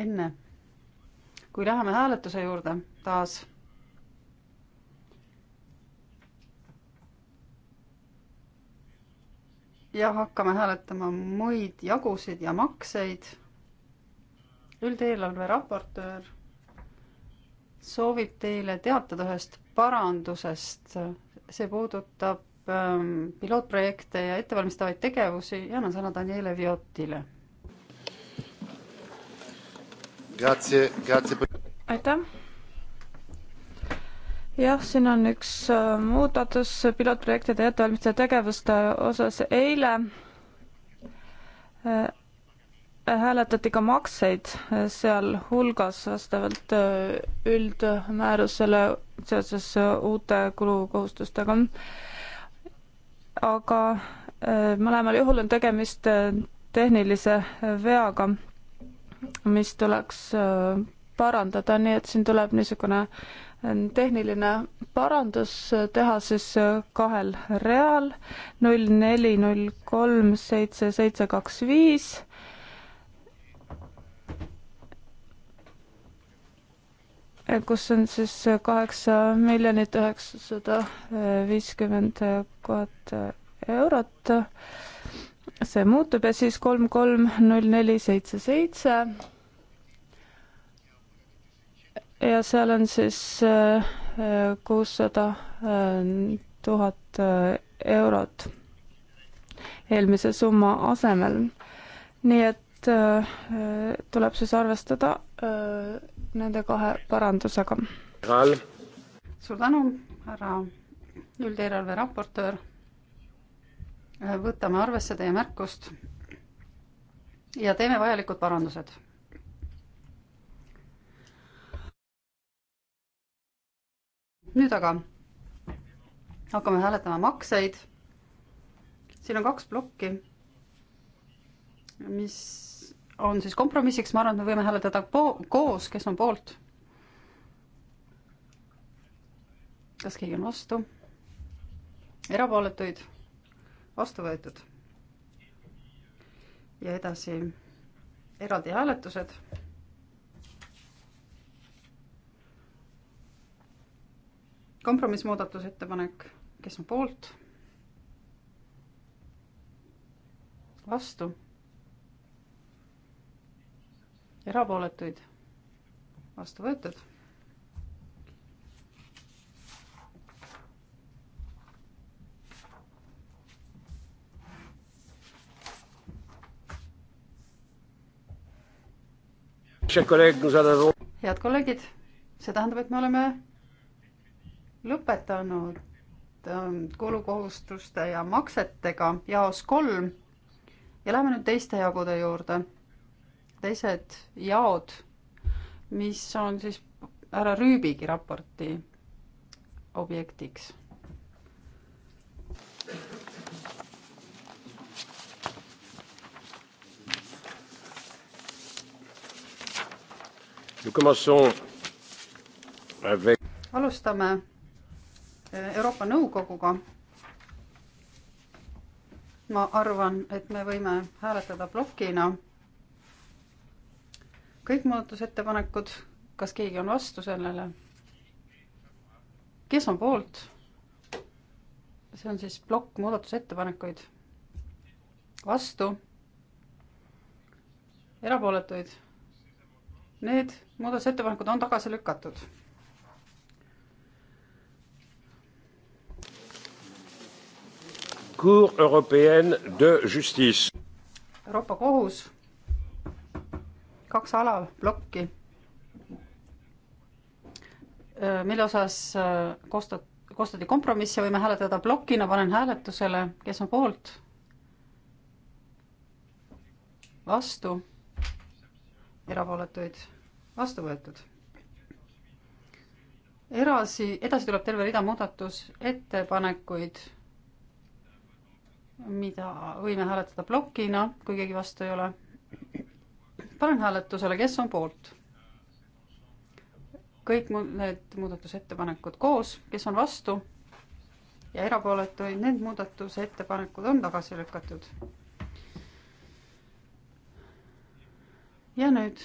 enne, kui läheme hääletuse juurde taas. ja hakkame hääletama muid jagusid ja makseid. üldeelarve raportöör soovib teile teatada ühest parandusest. see puudutab ähm, pilootprojekte ja ettevalmistavaid tegevusi ja annan sõna Daniele Viotile aitäh. jah, siin on üks äh, muudatus pilootprojektide ettevalmistaja tegevuste osas. eile äh, hääletati ka makseid äh, sealhulgas vastavalt üldmäärusele seoses uute kulukohustustega. aga mõlemal juhul on tegemist tehnilise veaga mis tuleks äh, parandada, nii et siin tuleb niisugune äh, tehniline parandus äh, teha siis kahel real null neli null kolm seitse seitse kaks viis. kus on siis kaheksa miljonit üheksasada viiskümmend tuhat eurot see muutub ja siis kolm, kolm, null, neli, seitse, seitse. ja seal on siis äh, kuussada äh, tuhat äh, eurot eelmise summa asemel. nii et tuleb siis arvestada nende kahe parandusega. suur tänu, härra üldeelarve raportöör võtame arvesse teie märkust ja teeme vajalikud parandused. nüüd aga hakkame hääletama makseid. siin on kaks plokki, mis on siis kompromissiks, ma arvan, et me võime hääletada koos, kes on poolt. kas keegi on vastu? erapooletuid vastu võetud. ja edasi eraldi hääletused. kompromissmuudatusettepanek, kes on poolt? vastu? erapooletuid? vastu võetud head kolleegid, see tähendab, et me oleme lõpetanud ähm, kulukohustuste ja maksetega jaos kolm ja lähme nüüd teiste jagude juurde. teised jaod, mis on siis härra Rüübigi raporti objektiks alustame eh, Euroopa Nõukoguga. ma arvan, et me võime hääletada plokina. kõik muudatusettepanekud, kas keegi on vastu sellele? kes on poolt? see on siis plokk muudatusettepanekuid. vastu? erapooletuid Need muudatusettepanekud on tagasi lükatud. Cour européenne de justice. Euroopa Kohus, kaks alaplokki, mille osas koostat-, koostati kompromisse, võime hääletada plokina, panen hääletusele, kes on poolt? vastu erapooletuid vastu võetud. erasi, edasi tuleb terve rida muudatusettepanekuid, mida võime hääletada plokina, kui keegi vastu ei ole. panen hääletusele, kes on poolt? kõik mu-, need muudatusettepanekud koos, kes on vastu ja erapooletuid, need muudatusettepanekud on tagasi lükatud ja nüüd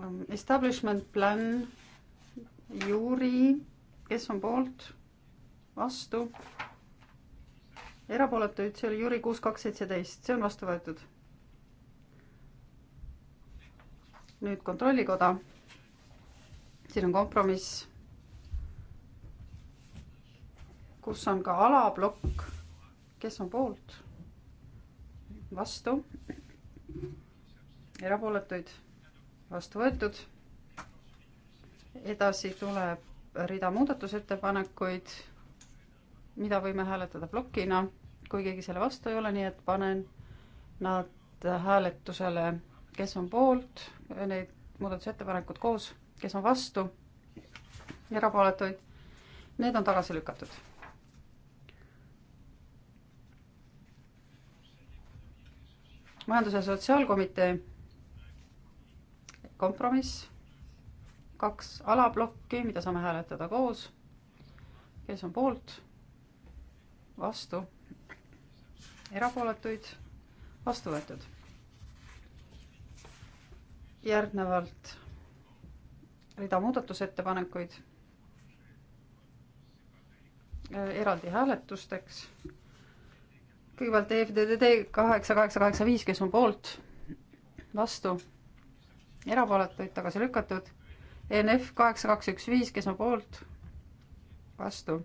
um, establishment plan, juuri, kes on poolt, vastu, erapooletuid, see oli juuri kuus, kaks, seitseteist, see on vastu võetud. nüüd kontrollikoda, siin on kompromiss, kus on ka alaplokk, kes on poolt, vastu erapooletuid vastu võetud. edasi tuleb rida muudatusettepanekuid, mida võime hääletada plokina, kui keegi selle vastu ei ole, nii et panen nad hääletusele, kes on poolt, need muudatusettepanekud koos, kes on vastu, erapooletuid, need on tagasi lükatud majandus- ja sotsiaalkomitee kompromiss, kaks alaplokki, mida saame hääletada koos. kes on poolt? vastu? erapooletuid? vastu võetud. järgnevalt rida muudatusettepanekuid eraldi hääletusteks kõigepealt EFDD kaheksa, kaheksa, kaheksa, viis, kes on poolt, vastu, erapooletuid tagasi lükatud. ENF kaheksa, kaks, üks, viis, kes on poolt, vastu,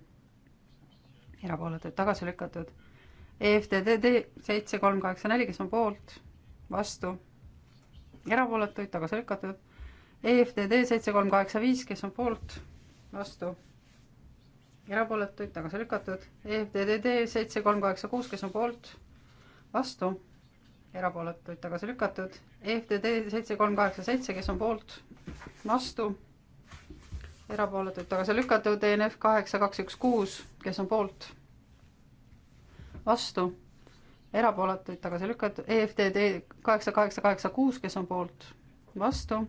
erapooletuid tagasi lükatud. EFDD seitse, kolm, kaheksa, neli, kes on poolt, vastu, erapooletuid tagasi lükatud. EFDD seitse, kolm, kaheksa, viis, kes on poolt, vastu erapooletuid tagasi lükatud. EFTDD seitse kolm kaheksa kuus, kes on poolt, vastu, erapooletuid tagasi lükatud. EFTD seitse kolm kaheksa seitse, kes on poolt, vastu, erapooletuid tagasi lükatud. ENF kaheksa kaks üks kuus, kes on poolt, vastu, erapooletuid tagasi lükatud. EFTD kaheksa kaheksa kaheksa kuus, kes on poolt, vastu,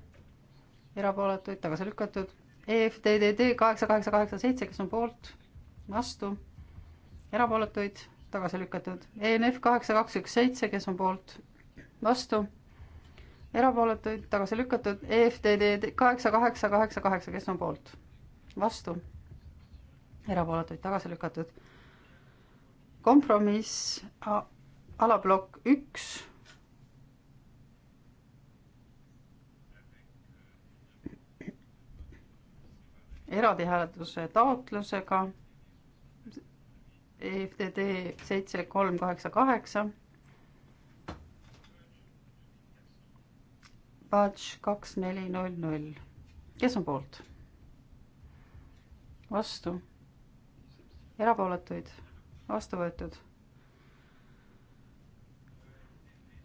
erapooletuid tagasi lükatud EFTDD kaheksa, kaheksa, kaheksa, seitse, kes on poolt, vastu, erapooletuid, tagasi lükatud. ENF kaheksa, kaks, üks, seitse, kes on poolt, vastu, erapooletuid, tagasi lükatud. EFTDD kaheksa, kaheksa, kaheksa, kaheksa, kes on poolt, vastu, erapooletuid, tagasi lükatud. kompromiss alaplokk üks eraldi hääletuse taotlusega EFTD seitse kolm kaheksa kaheksa. Batch kaks neli null null. kes on poolt? vastu? erapooletuid? vastu võetud?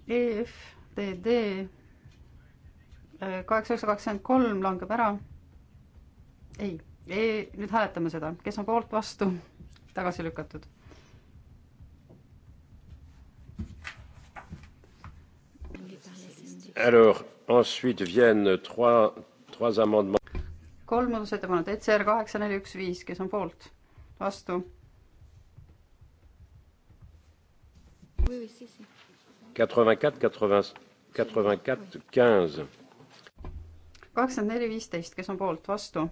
EFTD äh, kaheksa üheksa kakskümmend kolm langeb ära ei e,, nüüd hääletame seda, kes on poolt, vastu, tagasi lükatud. Alors ensuite viennent trois, trois amendements. kolm muudatusettepanekut, ECR kaheksa, neli, üks, viis, kes on poolt, vastu? kakskümmend neli, viisteist, kes on poolt, vastu?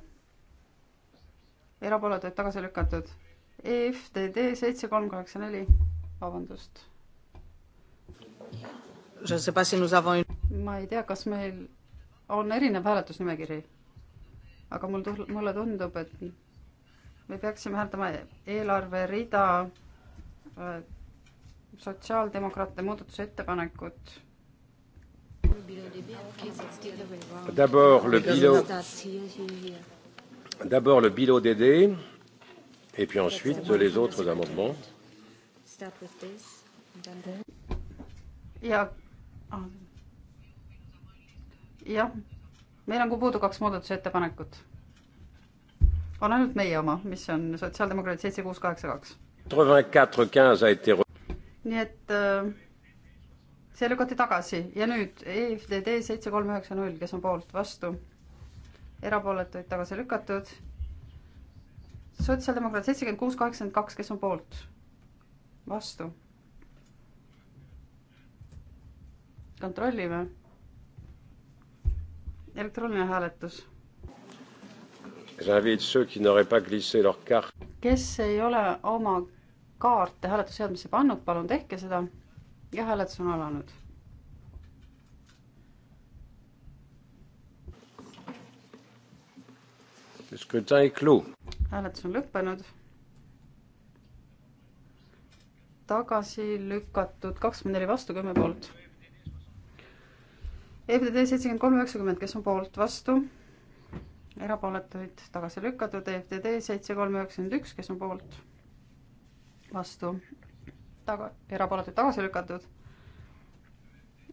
erapooletuid tagasi lükatud. EFTD seitse kolm kaheksa neli, vabandust. ma ei tea, kas meil on erinev hääletusnimekiri, aga mul tuh-, mulle tundub, et me peaksime hääldama eelarverida äh, sotsiaaldemokraate muudatusettepanekut. D'abord le bilan. D'abord le bilan DD et puis ensuite les autres amendements. ja, ah. jah, meil on ka puudu kaks muudatusettepanekut. on ainult meie oma, mis on sotsiaaldemokraadid seitse, kuus, kaheksa, kaks. nii et äh, see lükati tagasi ja nüüd EFDD seitse, kolm, üheksa, null, kes on poolt, vastu erapooletuid tagasi lükatud. sotsiaaldemokraat seitsekümmend kuus, kaheksakümmend kaks, kes on poolt? vastu. kontrollime. elektrooniline hääletus. kes ei ole oma kaarte hääletusseadmesse pannud, palun tehke seda. ja hääletus on alanud hääletus on lõppenud. tagasi lükatud kakskümmend neli vastu, kümme poolt. EFTD seitsekümmend kolm, üheksakümmend, kes on poolt, vastu? erapooletuid tagasi lükatud, EFTD seitse, kolm, üheksakümmend üks, kes on poolt? vastu? taga, erapooletuid tagasi lükatud.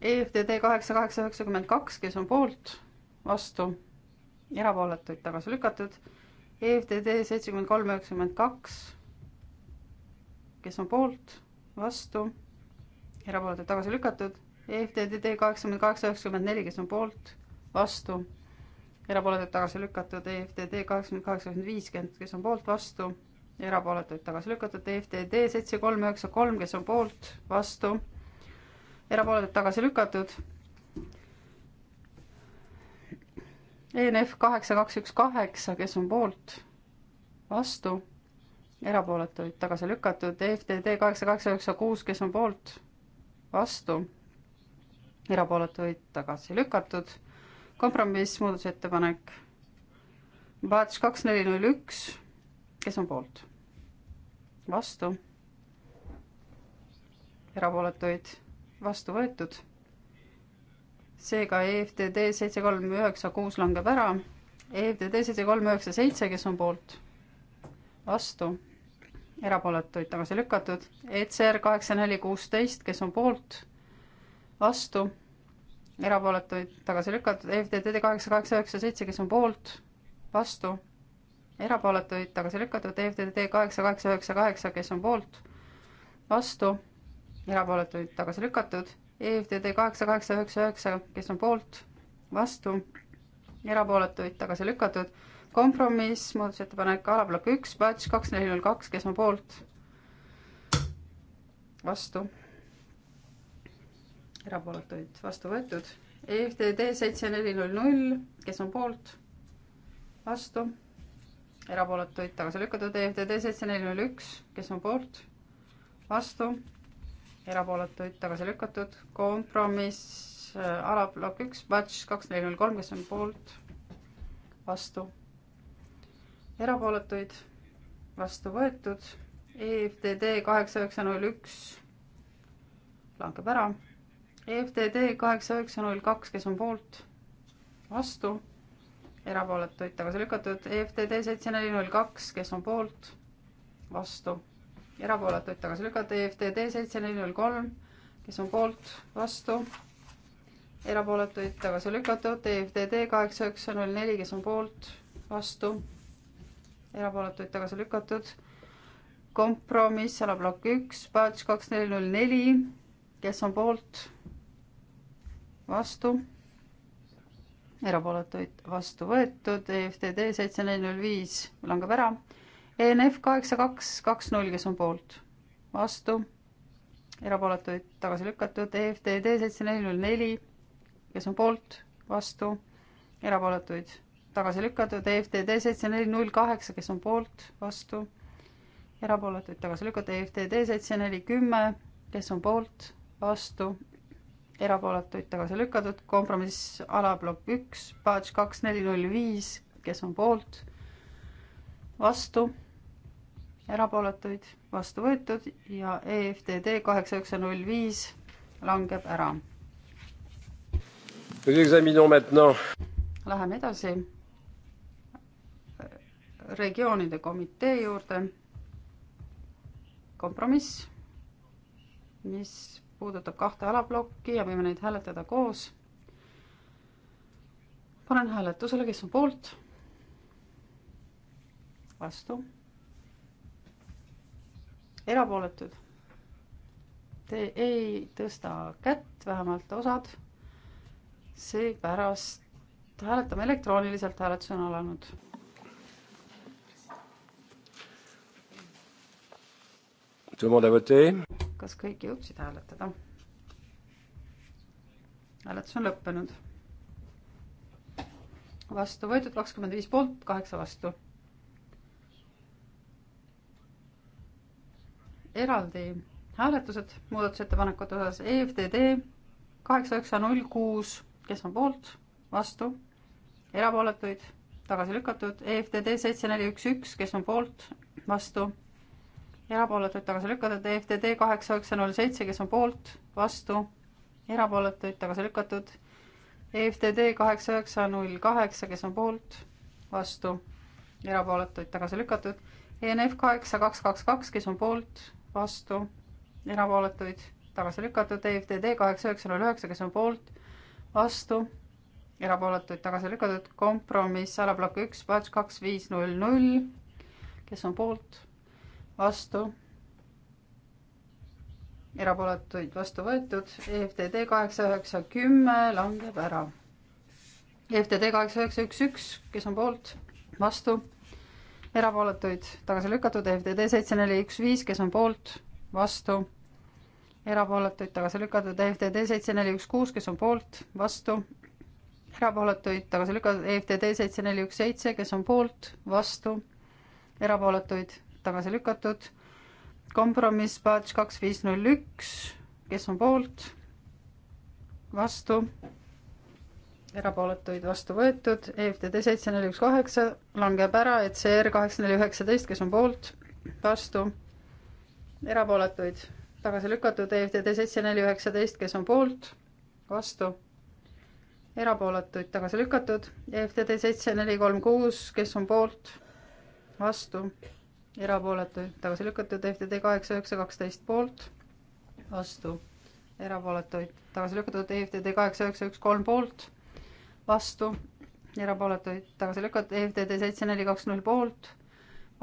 EFTD kaheksa, kaheksa, üheksakümmend kaks, kes on poolt? vastu? erapooletuid tagasi lükatud. EFTD seitsekümmend kolm, üheksakümmend kaks, kes on poolt, vastu, erapooletuid tagasi lükatud. EFTD kaheksakümmend kaheksa, üheksakümmend neli, kes on poolt, vastu, erapooletuid tagasi lükatud. EFTD kaheksakümmend kaheksa, üheksakümmend viiskümmend, kes on poolt, vastu, erapooletuid tagasi lükatud. EFTD seitse, kolm, üheksa, kolm, kes on poolt, vastu, erapooletuid tagasi lükatud. ENF kaheksa, kaks, üks, kaheksa, kes on poolt, vastu, erapooletuid tagasi lükatud, EFTD kaheksa, kaheksa, üheksa, kuus, kes on poolt, vastu, erapooletuid tagasi lükatud, kompromiss, muudatusettepanek, Batch kaks, neli, null, üks, kes on poolt, vastu, erapooletuid vastu võetud seega EFTD seitse kolm üheksa kuus langeb ära. EFTD seitse kolm üheksa seitse, kes on poolt? vastu? erapooletuid tagasi lükatud. ECR kaheksa neli kuusteist, kes on poolt? vastu? erapooletuid tagasi lükatud. EFTD kaheksa kaheksa üheksa seitse, kes on poolt? vastu? erapooletuid tagasi lükatud. EFTD kaheksa kaheksa üheksa kaheksa, kes on poolt? vastu? erapooletuid tagasi lükatud EFTD kaheksa, kaheksa, üheksa, üheksa, kes on poolt, vastu, erapooletuid tagasi lükatud. kompromiss, muudatusettepanek alablokk üks, batch kaks, neli, null, kaks, kes on poolt, vastu, erapooletuid vastu võetud. EFTD seitse, neli, null, null, kes on poolt, vastu, erapooletuid tagasi lükatud. EFTD seitse, neli, null, üks, kes on poolt, vastu erapooletuid tagasi lükatud, kompromiss äh, alablokk üks, batch kaks neli null kolm, kes on poolt, vastu, erapooletuid, vastu võetud, EFTD kaheksa üheksa null üks langeb ära, EFTD kaheksa üheksa null kaks, kes on poolt, vastu, erapooletuid tagasi lükatud, EFTD seitse neli null kaks, kes on poolt, vastu erapooletuid tagasi lükata, EFTD seitse neli null kolm, kes on poolt, vastu, erapooletuid tagasi lükatud, EFTD kaheksa üheksa null neli, kes on poolt, vastu, erapooletuid tagasi lükatud, kompromiss, alablokk üks, patch kaks neli null neli, kes on poolt, vastu, erapooletuid vastu võetud, EFTD seitse neli null viis langeb ära ENF kaheksa, kaks, kaks, null, kes on poolt, vastu, erapooletuid tagasi lükatud, EFTD seitse, neli, null, neli, kes on poolt, vastu, erapooletuid tagasi lükatud, EFTD seitse, neli, null, kaheksa, kes on poolt, vastu, erapooletuid tagasi lükatud, EFTD seitse, neli, kümme, kes on poolt, vastu, erapooletuid tagasi lükatud, kompromiss alablokk üks, patch kaks, neli, null, viis, kes on poolt, vastu erapooletuid, vastu võetud ja EFTD kaheksa üheksa null viis langeb ära. Läheme edasi äh, regioonide komitee juurde. kompromiss, mis puudutab kahte alaplokki ja võime neid hääletada koos. panen hääletusele, kes on poolt, vastu erapooletud. Te ei tõsta kätt, vähemalt osad. seepärast hääletame elektrooniliselt, hääletus on alanud. kas kõik jõudsid hääletada? hääletus on lõppenud. vastu võetud kakskümmend viis poolt, kaheksa vastu eraldi hääletused muudatusettepanekute osas EFTD kaheksa, üheksa, null, kuus, kes on poolt, vastu, erapooletuid, tagasi lükatud, EFTD seitse, neli, üks, üks, kes on poolt, vastu, erapooletuid tagasi lükatud, EFTD kaheksa, üheksa, null, seitse, kes on poolt, vastu, erapooletuid tagasi lükatud, EFTD kaheksa, üheksa, null, kaheksa, kes on poolt, vastu, erapooletuid tagasi lükatud, ENF kaheksa, kaks, kaks, kaks, kes on poolt, vastu, erapooletuid tagasi lükatud, EFTD kaheksa üheksa null üheksa, kes on poolt, vastu, erapooletuid tagasi lükatud, kompromiss alaplokk üks, patš kaks viis null null, kes on poolt, vastu, erapooletuid vastu võetud, EFTD kaheksa üheksa kümme langeb ära. EFTD kaheksa üheksa üks üks, kes on poolt, vastu erapooletuid tagasi lükatud, FTD seitse neli üks viis, kes on poolt, vastu, erapooletuid tagasi lükatud, FTD seitse neli üks kuus, kes on poolt, vastu, erapooletuid tagasi lükatud, EFTD seitse neli üks seitse, kes on poolt, vastu, erapooletuid tagasi lükatud, kompromiss batch kaks viis null üks, kes on poolt, vastu erapooletuid vastu võetud, EFTD seitse neli üks kaheksa langeb ära, ECR kaheksa neli üheksateist, kes on poolt, vastu, erapooletuid tagasi lükatud, EFTD seitse neli üheksateist, kes on poolt, vastu, erapooletuid tagasi lükatud, EFTD seitse neli kolm kuus, kes on poolt, vastu, erapooletuid tagasi lükatud, EFTD kaheksa üheksa kaksteist poolt, vastu, erapooletuid tagasi lükatud, EFTD kaheksa üheksa üks kolm poolt vastu, erapooletuid tagasi lükatud, EFTD seitse neli kaks null poolt,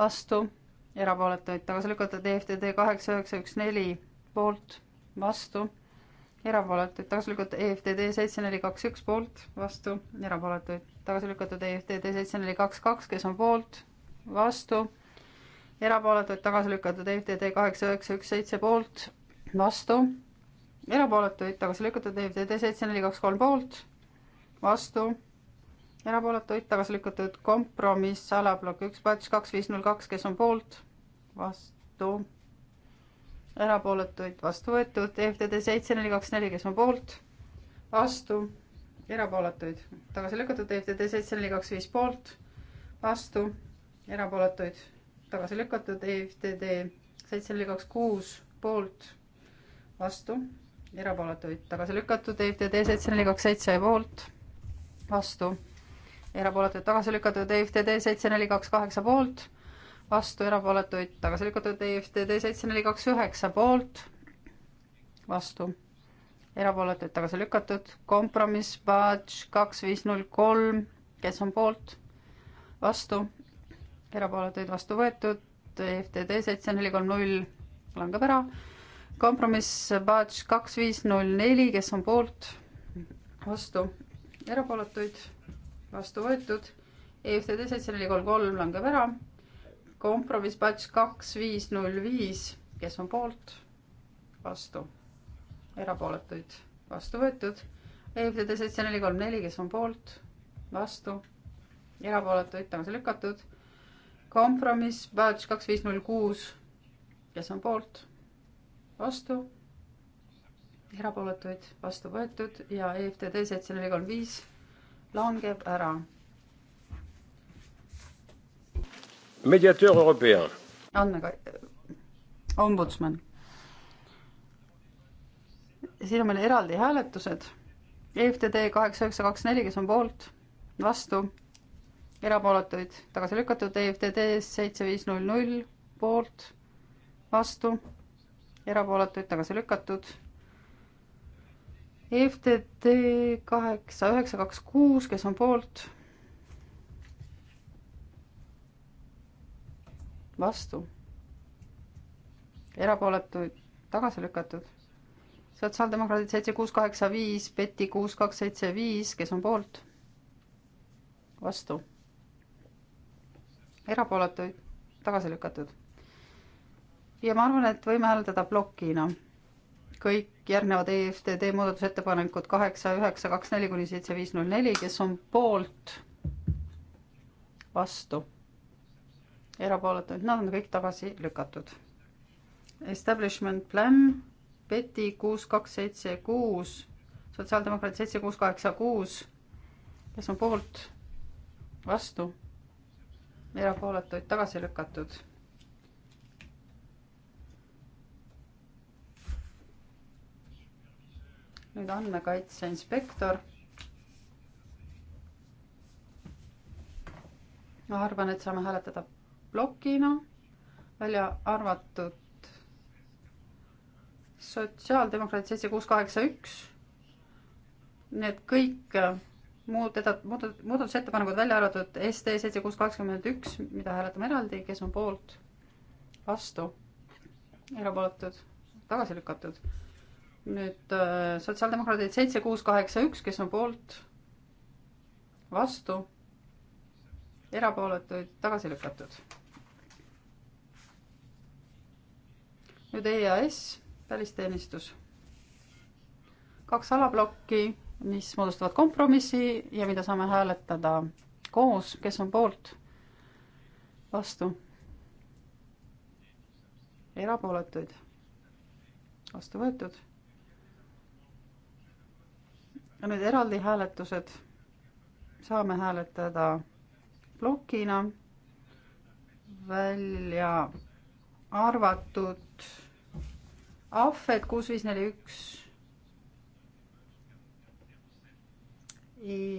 vastu, erapooletuid tagasi lükatud, EFTD kaheksa üheksa üks neli poolt, vastu, erapooletuid tagasi lükatud, EFTD seitse neli kaks üks poolt, vastu, erapooletuid tagasi lükatud, EFTD seitse neli kaks kaks, kes on poolt, vastu, erapooletuid tagasi lükatud, EFTD kaheksa üheksa üks seitse poolt, vastu, erapooletuid tagasi lükatud, EFTD seitse neli kaks kolm poolt, vastu, erapooletuid tagasi lükatud, kompromiss alablokk üks, patš kaks, viis, null, kaks, kes on poolt, vastu, erapooletuid vastu võetud, EFTD seitse, neli, kaks, neli, kes on poolt, vastu, erapooletuid tagasi lükatud, EFTD seitse, neli, kaks, viis poolt, vastu, erapooletuid tagasi lükatud, EFTD seitse, neli, kaks, kuus poolt, vastu, erapooletuid tagasi lükatud, EFTD seitse, neli, kaks, seitse poolt vastu, erapooletuid tagasi lükatud EFTD seitse neli kaks kaheksa poolt, vastu erapooletuid tagasi lükatud EFTD seitse neli kaks üheksa poolt, vastu erapooletuid tagasi lükatud, kompromiss batch kaks viis null kolm, kes on poolt, vastu, erapooletuid vastu võetud, EFTD seitse neli kolm null langeb ära, kompromiss batch kaks viis null neli, kes on poolt, vastu erapooletuid, vastu võetud. EFTD seitse neli kolm kolm langeb ära. kompromiss batch kaks viis null viis, kes on poolt, vastu, erapooletuid, vastu võetud. EFTD seitse neli kolm neli, kes on poolt, vastu, erapooletuid tagasi lükatud. kompromiss batch kaks viis null kuus, kes on poolt, vastu erapooletuid vastu võetud ja EFTD seitse neli kolm viis langeb ära. mediateur européen. andmekaitse, äh, ombudsman. siin on meil eraldi hääletused. EFTD kaheksa üheksa kaks neli, kes on poolt, vastu, erapooletuid tagasi lükatud, EFTD seitse viis null null poolt, vastu, erapooletuid tagasi lükatud FTT kaheksa, üheksa, kaks, kuus, kes on poolt? vastu. erapooletuid tagasi lükatud. sotsiaaldemokraadid seitse, kuus, kaheksa, viis, Betty kuus, kaks, seitse, viis, kes on poolt? vastu. erapooletuid tagasi lükatud. ja ma arvan, et võime hääletada plokina kõik järgnevad EFTD muudatusettepanekud kaheksa, üheksa, kaks, neli kuni seitse, viis, null, neli, kes on poolt, vastu, erapooletuid, nad on kõik tagasi lükatud. Establishment plan, Peti kuus, kaks, seitse, kuus, sotsiaaldemokraadid seitse, kuus, kaheksa, kuus, kes on poolt, vastu, erapooletuid tagasi lükatud nüüd andmekaitse inspektor. ma arvan, et saame hääletada plokina, välja arvatud sotsiaaldemokraadid seitse, kuus, kaheksa, üks. Need kõik äh, muud eda-, muud-, muudatusettepanekud välja arvatud SD seitse, kuus, kakskümmend üks, mida hääletame eraldi, kes on poolt, vastu, erapooletud, tagasi lükatud nüüd äh, sotsiaaldemokraadid seitse, kuus, kaheksa, üks, kes on poolt, vastu, erapooletuid tagasi lükatud. nüüd EAS, välisteenistus. kaks alaplokki, mis moodustavad kompromissi ja mida saame hääletada koos, kes on poolt, vastu, erapooletuid vastu võetud nüüd eraldi hääletused. saame hääletada plokina välja arvatud ahved kuus, viis, neli, üks.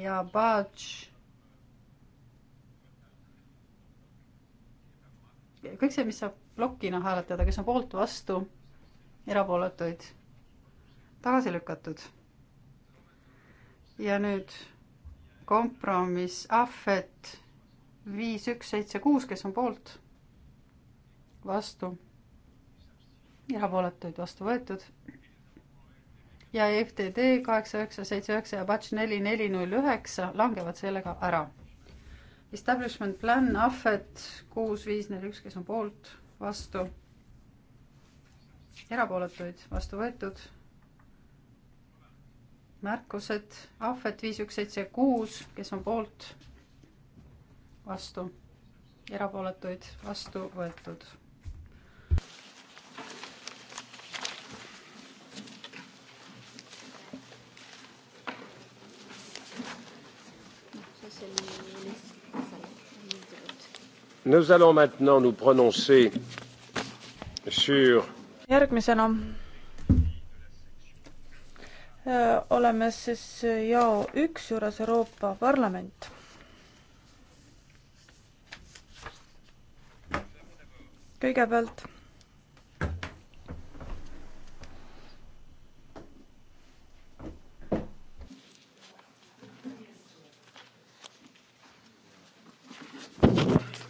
ja badge. kõik see, mis saab plokina hääletada, kes on poolt, vastu, erapooletuid, tagasi lükatud ja nüüd kompromiss ahvet viis, üks, seitse, kuus, kes on poolt, vastu, erapooletuid vastu võetud ja FTD kaheksa, üheksa, seitse, üheksa ja batch neli, neli, null, üheksa langevad sellega ära. Establishment plan, ahvet kuus, viis, neli, üks, kes on poolt, vastu, erapooletuid, vastu võetud märkused, ahvet viis, üks, seitse, kuus, kes on poolt, vastu, erapooletuid, vastu võetud. Nous allons maintenant nous prononcer sur järgmisena oleme siis jao üks juures Euroopa Parlament. kõigepealt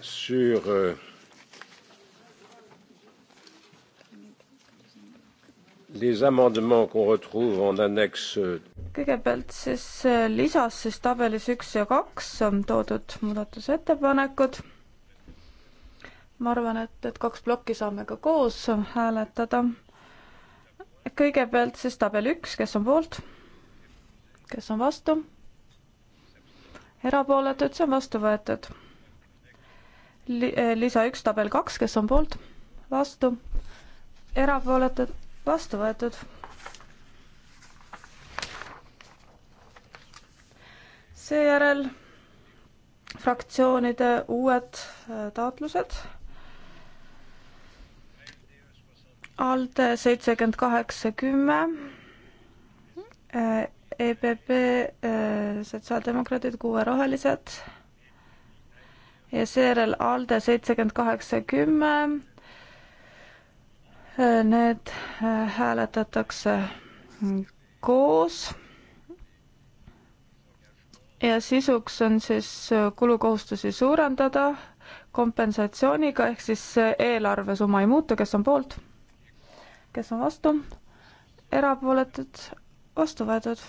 sur euh, Euh, kõigepealt siis äh, lisas siis tabelis üks ja kaks on toodud muudatusettepanekud. ma arvan, et, et kaks plokki saame ka koos hääletada. kõigepealt siis tabel üks, kes on poolt, kes on vastu, erapooletud, see on vastu võetud. Äh, lisa üks, tabel kaks, kes on poolt, vastu, erapooletud vastu võetud. seejärel fraktsioonide uued äh, taotlused. ALDE seitsekümmend kaheksa, kümme, äh, EPP, äh, Sotsiaaldemokraadid, kuue rohelised ja seejärel ALDE seitsekümmend kaheksa, kümme, Need äh, hääletatakse koos ja sisuks on siis äh, kulukohustusi suurendada kompensatsiooniga, ehk siis äh, eelarvesumma ei muutu, kes on poolt, kes on vastu, erapooletud, vastu võetud.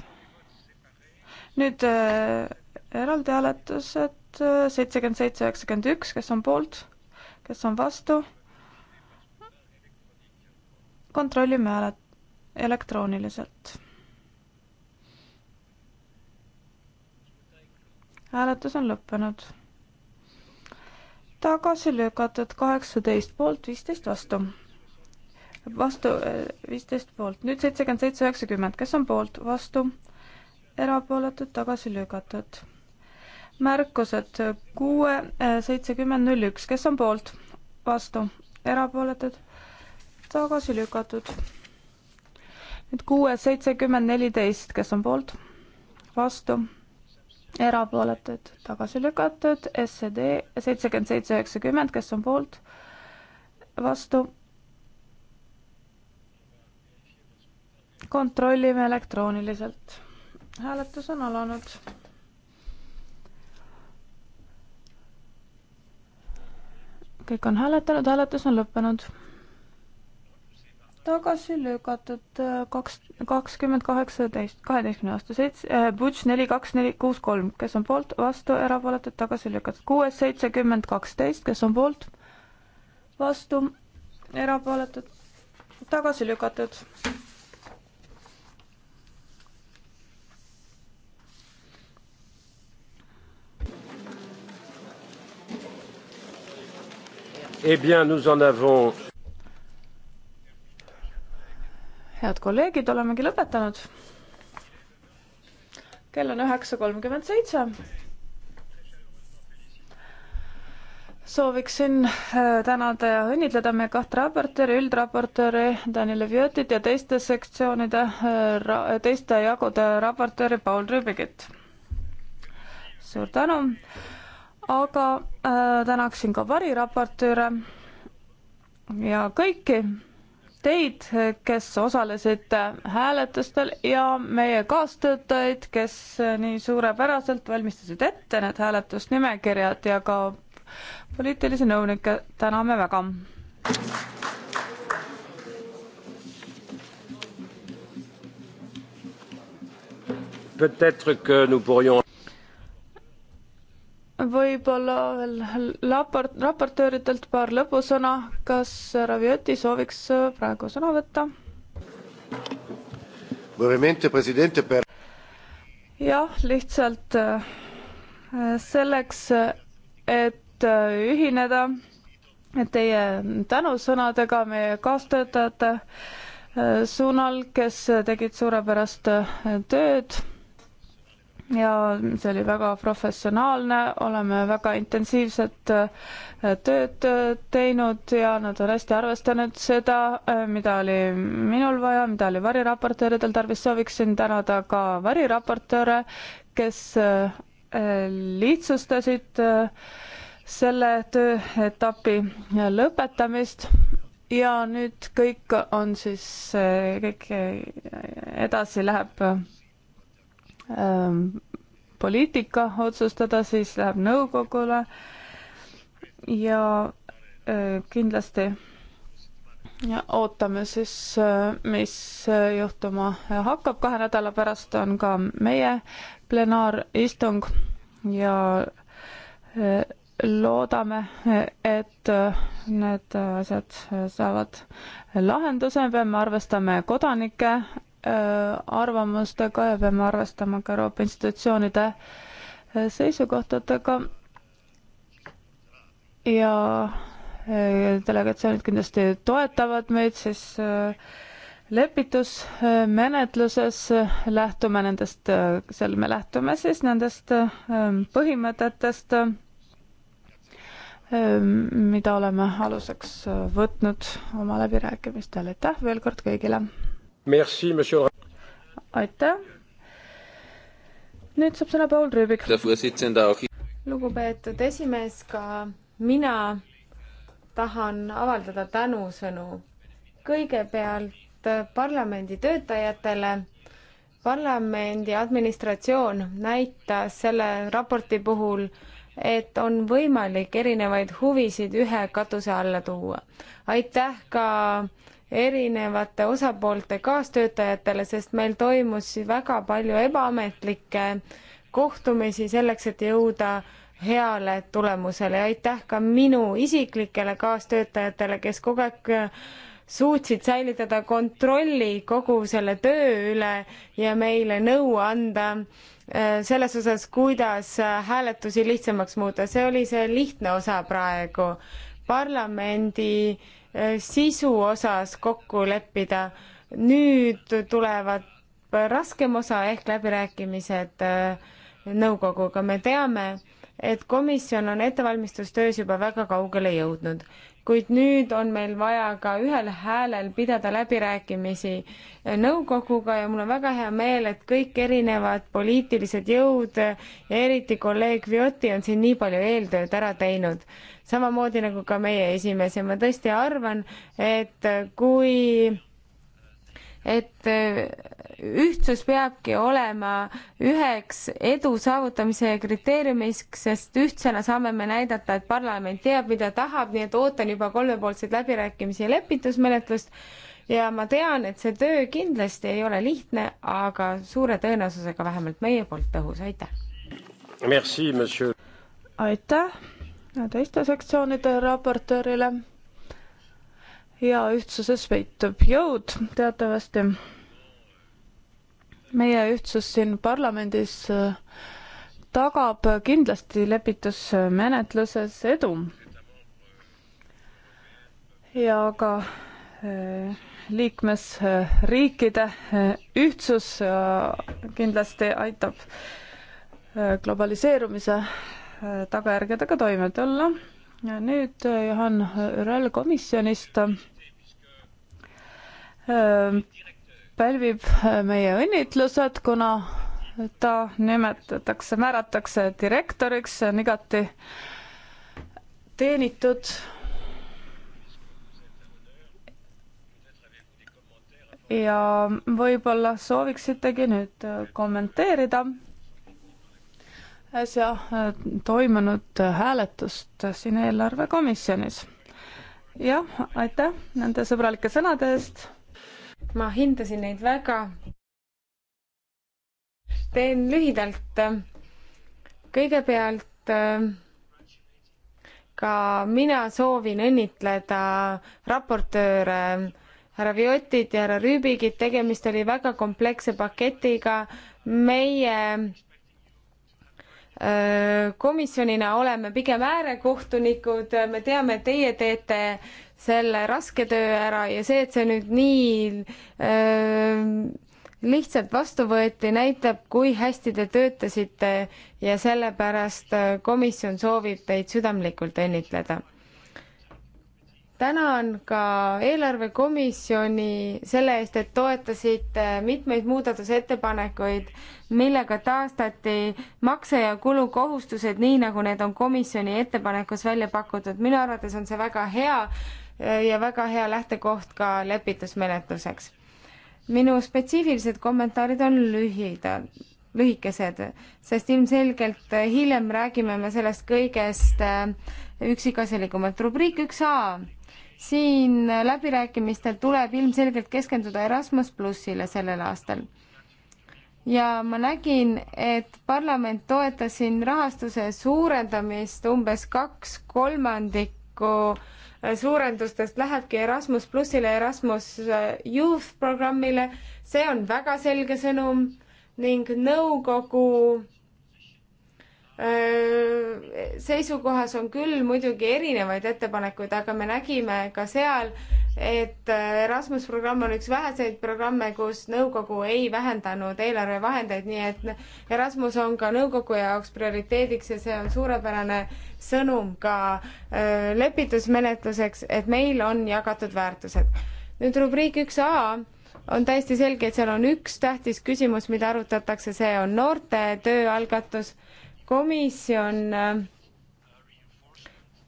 nüüd äh, eraldi hääletused seitsekümmend seitse, üheksakümmend üks, kes on poolt, kes on vastu kontrollime hääle elektrooniliselt. hääletus on lõppenud. tagasi lükatud kaheksateist poolt, viisteist vastu. vastu äh, viisteist poolt, nüüd seitsekümmend seitse, üheksakümmend, kes on poolt, vastu, erapooletud, tagasi lükatud. märkused kuue, äh, seitsekümmend, null üks, kes on poolt, vastu, erapooletud tagasi lükatud. nüüd kuues, seitsekümmend, neliteist, kes on poolt, vastu, erapooletud, tagasi lükatud, SED seitsekümmend seitse, üheksakümmend, kes on poolt, vastu kontrollime elektrooniliselt. hääletus on alanud. kõik on hääletanud, hääletus on lõppenud tagasi lükatud äh, kaks, kakskümmend kaheksateist, kaheteistkümne aasta seitse äh,, Butch neli, kaks, neli, kuus, kolm, kes on poolt, vastu, erapooletud, tagasi lükatud. kuues, seitsekümmend, kaksteist, kes on poolt, vastu, erapooletud, tagasi lükatud. Eh bien, nous en avons head kolleegid, olemegi lõpetanud. kell on üheksa kolmkümmend seitse. sooviksin äh, tänada ja õnnitleda meie kahte raportööri, üldraportööri Daniel Vjötit ja teiste sektsioonide, äh, teiste jagude raportööri Paul Rüübigit. suur tänu, aga äh, tänaksin ka variraportööre ja kõiki teid, kes osalesite hääletustel ja meie kaastöötajaid, kes nii suurepäraselt valmistasid ette need hääletusnimekirjad ja ka poliitilisi nõunikke täname väga. Peut-être que nous pourrions võib-olla veel raport, raportööridelt paar lõpusõna, kas Ravioti sooviks äh, praegu sõna võtta? jah, lihtsalt äh, selleks, et äh, ühineda teie tänusõnadega meie kaastöötajate suunal, kes tegid suurepärast tööd ja see oli väga professionaalne, oleme väga intensiivset äh, tööd äh, teinud ja nad on hästi arvestanud seda, äh, mida oli minul vaja, mida oli variraportööridel tarvis, sooviksin tänada ka variraportööre, kes lihtsustasid selle tööetapi lõpetamist ja nüüd kõik on siis, kõik edasi läheb Ähm, poliitika otsustada, siis läheb nõukogule ja äh, kindlasti ja ootame siis, äh, mis äh, juhtuma hakkab. kahe nädala pärast on ka meie plenaaristung ja loodame, et need asjad saavad lahenduse, me peame arvestama kodanike arvamustega ja peame arvestama ka Euroopa institutsioonide seisukohtadega. ja delegatsioonid kindlasti toetavad meid siis lepitusmenetluses, lähtume nendest, seal me lähtume siis nendest põhimõtetest, mida oleme aluseks võtnud oma läbirääkimistel, aitäh veel kord kõigile! aitäh. nüüd saab sõna Paul Rüübik. lugupeetud esimees, ka mina tahan avaldada tänusõnu kõigepealt parlamendi töötajatele parlamendi administratsioon näitas selle raporti puhul, et on võimalik erinevaid huvisid ühe katuse alla tuua. aitäh ka erinevate osapoolte kaastöötajatele, sest meil toimus väga palju ebaametlikke kohtumisi selleks, et jõuda heale tulemusele ja aitäh ka minu isiklikele kaastöötajatele, kes kogu aeg suutsid säilitada kontrolli kogu selle töö üle ja meile nõu anda äh, selles osas, kuidas hääletusi lihtsamaks muuta. see oli see lihtne osa praegu. parlamendi äh, sisu osas kokku leppida. nüüd tulevad raskem osa ehk läbirääkimised äh, nõukoguga. me teame, et komisjon on ettevalmistustöös juba väga kaugele jõudnud, kuid nüüd on meil vaja ka ühel häälel pidada läbirääkimisi äh, nõukoguga ja mul on väga hea meel, et kõik erinevad poliitilised jõud äh, ja eriti kolleeg Vioti on siin nii palju eeltööd ära teinud samamoodi nagu ka meie esimees ja ma tõesti arvan, et kui et ühtsus peabki olema üheks edu saavutamise kriteeriumiks, sest ühtsena saame me näidata, et parlament teab, mida tahab, nii et ootan juba kolmepoolseid läbirääkimisi ja lepitusmenetlust. ja ma tean, et see töö kindlasti ei ole lihtne, aga suure tõenäosusega vähemalt meie poolt tõhus, aitäh! aitäh! teiste sektsioonide raportöörile. ja ühtsuses peitub jõud teatavasti. meie ühtsus siin parlamendis äh, tagab kindlasti lepitusmenetluses edu. ja ka äh, liikmesriikide äh, ühtsus kindlasti aitab globaliseerumise tagajärgedega toime tulla. nüüd äh, Johan Ürel komisjonist äh, pälvib äh, meie õnnitlused, kuna ta nimetatakse, määratakse direktoriks, see on igati teenitud. ja võib-olla sooviksitegi nüüd kommenteerida äsja äh, toimunud äh, hääletust siin eelarvekomisjonis. jah, aitäh nende sõbralike sõnade eest. ma hindasin neid väga. teen lühidalt. kõigepealt äh, ka mina soovin õnnitleda raportööre härra Viotit ja härra Rüübigit, tegemist oli väga kompleksse paketiga. meie Äh, komisjonina oleme pigem äärekohtunikud, me teame, et teie teete selle raske töö ära ja see, et see nüüd nii öö, äh, lihtsalt vastu võeti, näitab, kui hästi te töötasite ja sellepärast äh, komisjon soovib teid südamlikult õnnitleda tänan ka eelarvekomisjoni selle eest, et toetasite mitmeid muudatusettepanekuid, millega taastati makse- ja kulukohustused, nii nagu need on komisjoni ettepanekus välja pakutud. minu arvates on see väga hea eh, ja väga hea lähtekoht ka lepitusmenetluseks. minu spetsiifilised kommentaarid on lühidad, lühikesed, sest ilmselgelt hiljem räägime me sellest kõigest eh, üksikasjalikumalt. rubriik üks A siin läbirääkimistel tuleb ilmselgelt keskenduda Erasmus plussile sellel aastal. ja ma nägin, et parlament toetas siin rahastuse suurendamist umbes kaks kolmandikku suurendustest lähebki Erasmus plussile, Erasmus Youth programmile, see on väga selge sõnum ning nõukogu seisukohas on küll muidugi erinevaid ettepanekuid, aga me nägime ka seal, et Erasmus programm on üks väheseid programme, kus nõukogu ei vähendanud eelarvevahendeid, nii et Erasmus on ka nõukogu jaoks prioriteediks ja see on suurepärane sõnum ka lepitusmenetluseks, et meil on jagatud väärtused. nüüd rubriik üks A on täiesti selge, et seal on üks tähtis küsimus, mida arutatakse, see on noorte tööalgatus komisjon äh,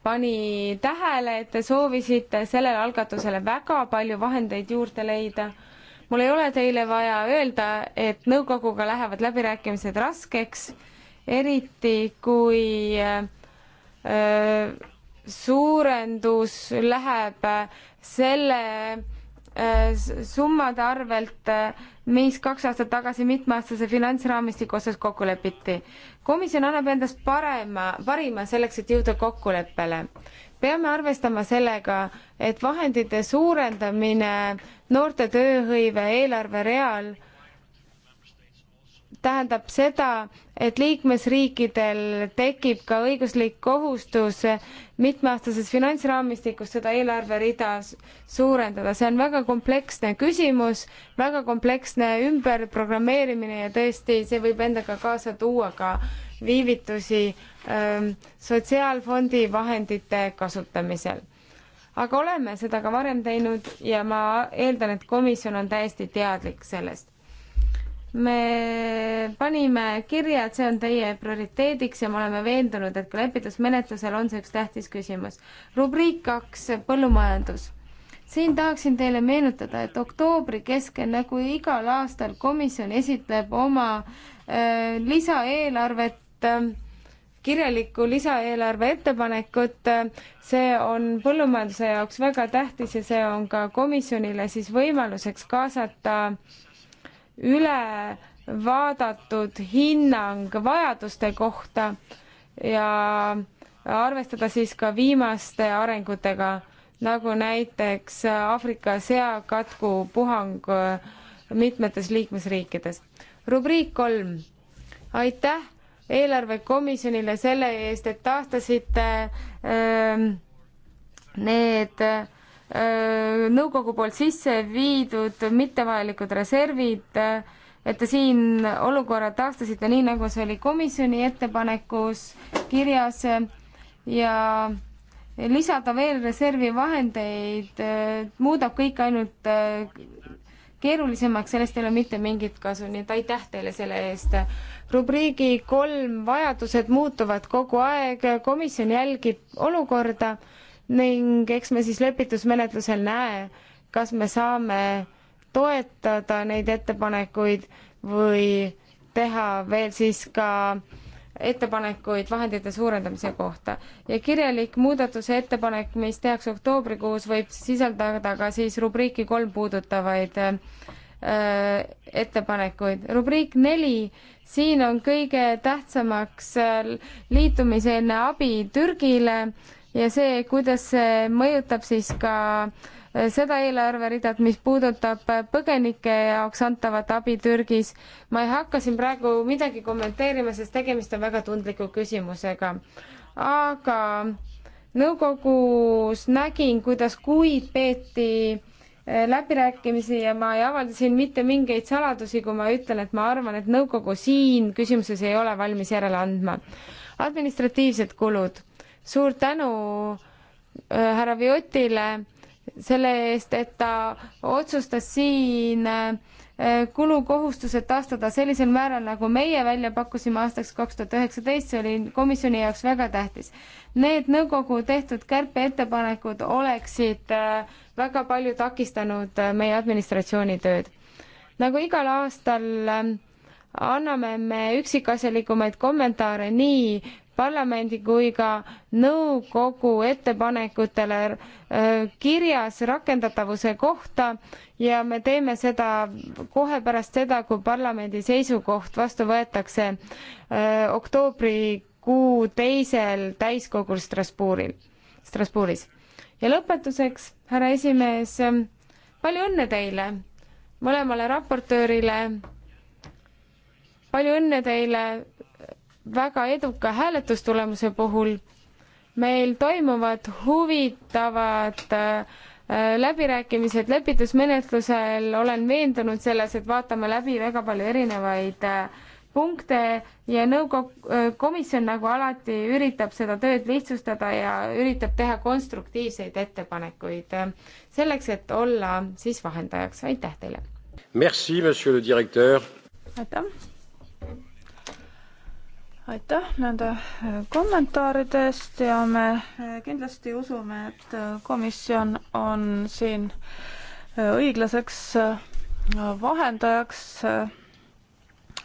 pani tähele, et te soovisite sellele algatusele väga palju vahendeid juurde leida. mul ei ole teile vaja öelda, et nõukoguga lähevad läbirääkimised raskeks, eriti kui öö, äh, suurendus läheb selle Äh, summade arvelt, äh, mis kaks aastat tagasi mitmeaastase finantsraamistiku osas kokku lepiti. komisjon annab endast parema, parima selleks, et jõuda kokkuleppele. peame arvestama sellega, et vahendite suurendamine noorte tööhõive eelarvereal tähendab seda, et liikmesriikidel tekib ka õiguslik kohustus mitmeaastases finantsraamistikus seda eelarverida suurendada. see on väga kompleksne küsimus, väga kompleksne ümberprogrammeerimine ja tõesti, see võib endaga kaasa tuua ka viivitusi öö, ähm, sotsiaalfondi vahendite kasutamisel aga oleme seda ka varem teinud ja ma eeldan, et komisjon on täiesti teadlik sellest me panime kirja, et see on teie prioriteediks ja me oleme veendunud, et ka lepitusmenetlusel on see üks tähtis küsimus. rubriik kaks, põllumajandus. siin tahaksin teile meenutada, et oktoobri keskel, nagu igal aastal, komisjon esitleb oma äh, lisaeelarvet äh, kirjalikku lisaeelarve ettepanekut, see on põllumajanduse jaoks väga tähtis ja see on ka komisjonile siis võimaluseks kaasata äh, üle vaadatud hinnang vajaduste kohta ja arvestada siis ka viimaste arengutega, nagu näiteks Aafrika seakatku puhang äh, mitmetes liikmesriikides. rubriik kolm. aitäh eelarvekomisjonile selle eest, et taastasite öö, ähm, need öö, äh, nõukogu poolt sisse viidud mittevajalikud reservid, äh, et te siin olukorra taastasite nii, nagu see oli komisjoni ettepanekus kirjas ja lisada veel reservi vahendeid äh, muudab kõik ainult äh, keerulisemaks, sellest ei ole mitte mingit kasu, nii et aitäh teile selle eest. rubriigi kolm vajadused muutuvad kogu aeg, komisjon jälgib olukorda ning eks me siis lepitusmenetlusel näe, kas me saame toetada neid ettepanekuid või teha veel siis ka ettepanekuid vahendite suurendamise kohta ja kirjalik muudatuse ettepanek, mis tehakse oktoobrikuus, võib sisaldada ka siis rubriiki kolm puudutavaid äh, ettepanekuid. rubriik neli, siin on kõige tähtsamaks äh, liitumiseelne abi Türgile äh, ja see, kuidas see mõjutab siis ka äh, seda eelarveridat, mis puudutab äh, põgenike jaoks antavat abi Türgis. ma ei hakka siin praegu midagi kommenteerima, sest tegemist on väga tundliku küsimusega. aga nõukogus nägin, kuidas kuid peeti äh, läbirääkimisi ja ma ei avalda siin mitte mingeid saladusi, kui ma ütlen, et ma arvan, et nõukogu siin küsimuses ei ole valmis järele andma. administratiivsed kulud suur tänu äh, härra Viotile selle eest, et ta otsustas siin äh, kulukohustused taastada sellisel määral, nagu meie välja pakkusime aastaks kaks tuhat üheksateist, see oli komisjoni jaoks väga tähtis. Need nõukogu tehtud kärpeettepanekud oleksid äh, väga palju takistanud meie administratsiooni tööd. nagu igal aastal anname me üksikasjalikumaid kommentaare nii parlamendi kui ka nõukogu ettepanekutele äh, kirjas rakendatavuse kohta ja me teeme seda kohe pärast seda, kui parlamendi seisukoht vastu võetakse äh, oktoobrikuu teisel täiskogul Strasbourgil, Strasbourgis. ja lõpetuseks, härra esimees, äh, palju õnne teile, mõlemale raportöörile, palju õnne teile väga eduka hääletustulemuse puhul. meil toimuvad huvitavad äh, läbirääkimised lepitusmenetlusel, olen veendunud selles, et vaatame läbi väga palju erinevaid äh, punkte ja nõukogu äh, komisjon nagu alati üritab seda tööd lihtsustada ja üritab teha konstruktiivseid ettepanekuid selleks, et olla siis vahendajaks. aitäh teile! Merci, monsieur le directeur! aitäh! aitäh nende äh, kommentaaride eest ja me äh, kindlasti usume, et äh, komisjon on siin õiglaseks vahendajaks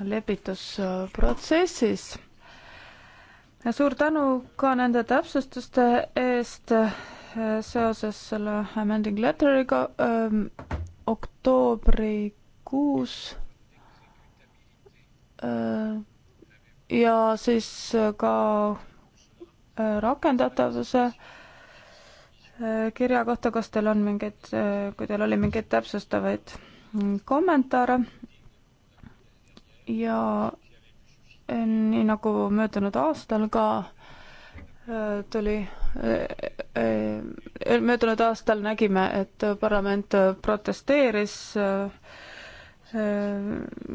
lepitusprotsessis. suur tänu ka nende täpsustuste eest seoses selle amending letteriga ähm, oktoobrikuus äh, ja siis äh, ka äh, rakendatavuse äh, kirja kohta, kas teil on mingeid, kui teil oli mingeid täpsustavaid kommentaare ja nii nagu möödunud aastal ka tuli, möödunud aastal nägime, et parlament protesteeris äh, Äh,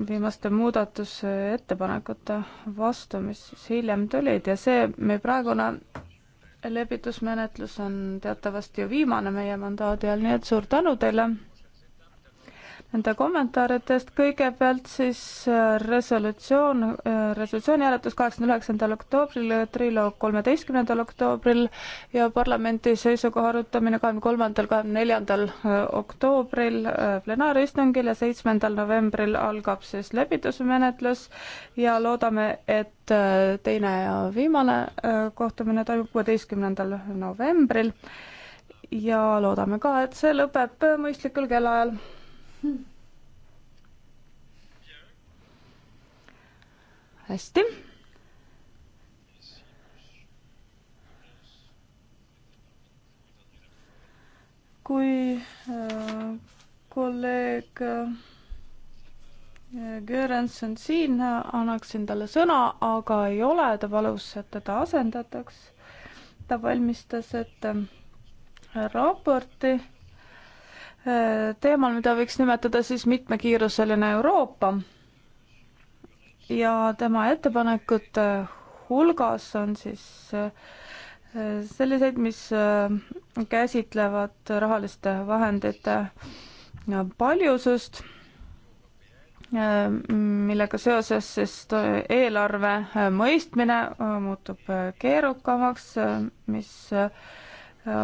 viimaste muudatusettepanekute vastu, mis siis hiljem tulid ja see meie praegune lepitusmenetlus on teatavasti ju viimane meie mandaadi all, nii et suur tänu teile nende kommentaaridest. kõigepealt siis äh, resolutsioon, äh, resolutsiooni hääletus kaheksakümne üheksandal oktoobril, triloog kolmeteistkümnendal oktoobril ja parlamendi seisukoha arutamine kahekümne kolmandal, kahekümne neljandal äh, oktoobril plenaaristungil ja seitsmendal novembril algab siis lepitusmenetlus ja loodame, et teine ja viimane kohtumine toimub kuueteistkümnendal novembril ja loodame ka, et see lõpeb mõistlikul kellaajal hästi. kui äh, kolleeg äh, Görens on siin, annaksin talle sõna, aga ei ole, ta palus, et teda asendataks. ta valmistas ette äh, raporti teemal, mida võiks nimetada siis mitmekiiruseline Euroopa. ja tema ettepanekute hulgas on siis äh, selliseid, mis äh, käsitlevad rahaliste vahendite äh, paljusust, millega seoses siis eelarve mõistmine muutub keerukamaks, mis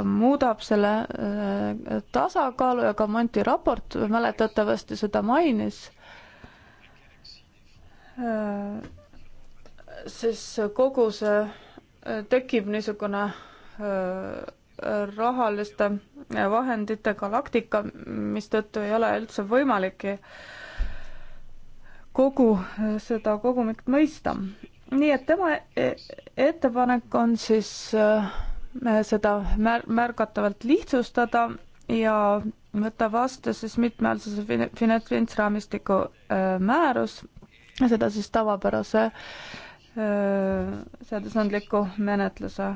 muudab selle äh, tasakaalu ja ka Monti raport mäletatavasti seda mainis, äh, siis kogu see, äh, tekib niisugune rahaliste vahendite galaktika, mistõttu ei ole üldse võimalik kogu seda kogumit mõista. nii et tema e-, ettepanek on siis äh, Äh, seda mär-, märgatavalt lihtsustada ja võtta vastu siis mitmeaastase fin-, finantsraamistiku äh, määrus, seda siis tavapärase äh, seadusandliku menetluse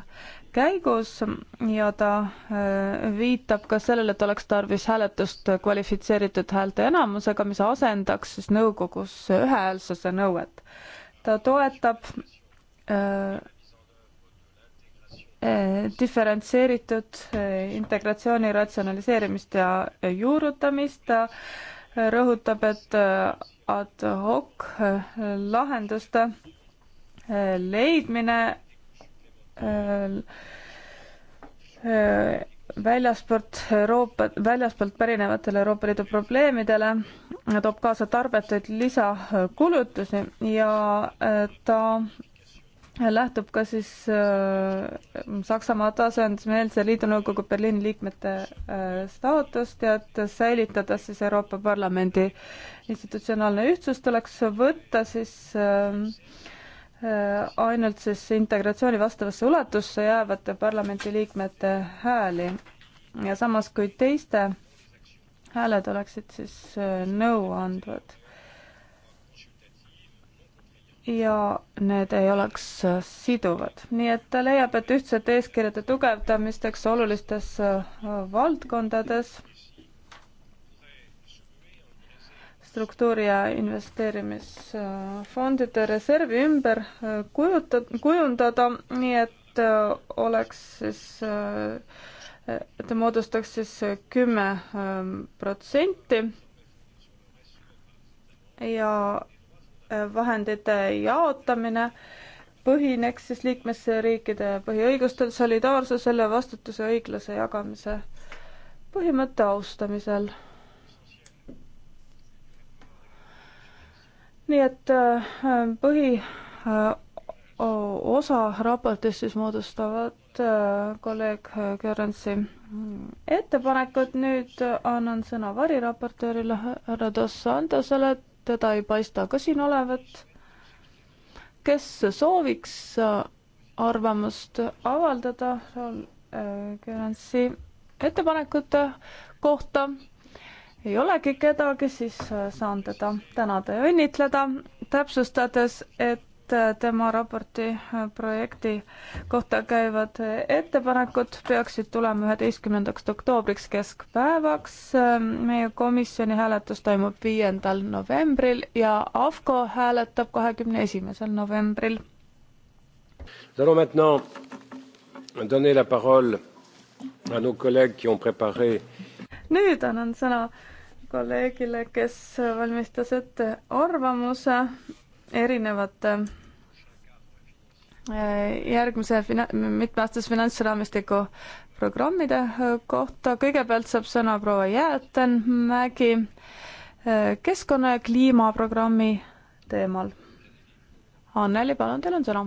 käigus ja ta viitab ka sellele, et oleks tarvis hääletust kvalifitseeritud häälteenamusega, mis asendaks siis nõukogus ühehäälsuse nõuet. ta toetab Eh, diferentseeritud eh, integratsiooni ratsionaliseerimist ja juurutamist. ta rõhutab, et eh, ad hoc lahenduste leidmine väljaspoolt Euroopa, väljaspoolt pärinevatele Euroopa Liidu probleemidele toob kaasa tarbetuid lisakulutusi ja ta lähtub ka siis äh, Saksamaa tasandusmeelse liidu nõukogu Berliini liikmete äh, staatust ja et säilitada siis Euroopa Parlamendi institutsionaalne ühtsus tuleks võtta siis äh, äh, ainult siis integratsiooni vastavasse ulatusse jäävate parlamendiliikmete hääli ja samas kui teiste hääled oleksid siis äh, nõuandvad ja need ei oleks äh, siduvad. nii et ta leiab, et ühtsete eeskirjade tugevdamisteks olulistes äh, valdkondades struktuuri- ja investeerimisfondide reservi ümber äh, kujuta-, kujundada, nii et oleks siis, et ta moodustaks siis kümme ähm, protsenti ja vahendite jaotamine põhineks siis liikmesriikide põhiõigustel, solidaarsusel ja vastutuse õiglase jagamise põhimõtte austamisel. nii et äh, põhiosa äh, raportist siis moodustavad äh, kolleeg Kerentsi ettepanekud, nüüd annan sõna variraportöörile härra Dos Santosele, et teda ei paista ka siin olevat. kes sooviks arvamust avaldada äh, Gerensi ettepanekute kohta, ei olegi kedagi, siis äh, saan teda tänada ja õnnitleda, täpsustades, et Äh, tema raporti äh, projekti kohta käivad äh, ettepanekud peaksid tulema üheteistkümnendaks oktoobriks keskpäevaks. Ähm, meie komisjoni hääletus toimub viiendal novembril ja AFCO hääletab kahekümne esimesel novembril. Allons maintenant donner la parole à nos collègues qui ont préparé. nüüd annan sõna kolleegile, kes valmistas ette arvamuse erinevate äh, järgmise fina-, mitmeaastase finantsraamistiku programmide äh, kohta. kõigepealt saab sõna proua Jäätenmägi äh, keskkonna ja kliimaprogrammi teemal. Anneli, palun, teil on sõna.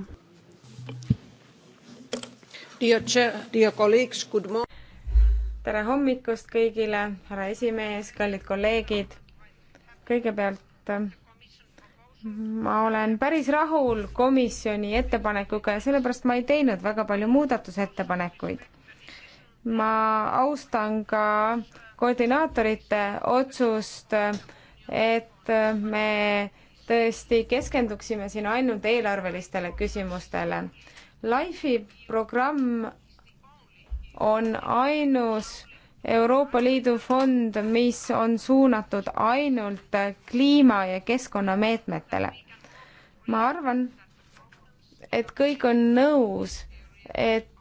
tere hommikust kõigile, härra esimees, kallid kolleegid. kõigepealt ma olen päris rahul komisjoni ettepanekuga ja sellepärast ma ei teinud väga palju muudatusettepanekuid. ma austan ka koordinaatorite otsust, et me tõesti keskenduksime siin ainult eelarvelistele küsimustele. Life'i programm on ainus Euroopa Liidu fond, mis on suunatud ainult kliima- ja keskkonnameetmetele. ma arvan, et kõik on nõus, et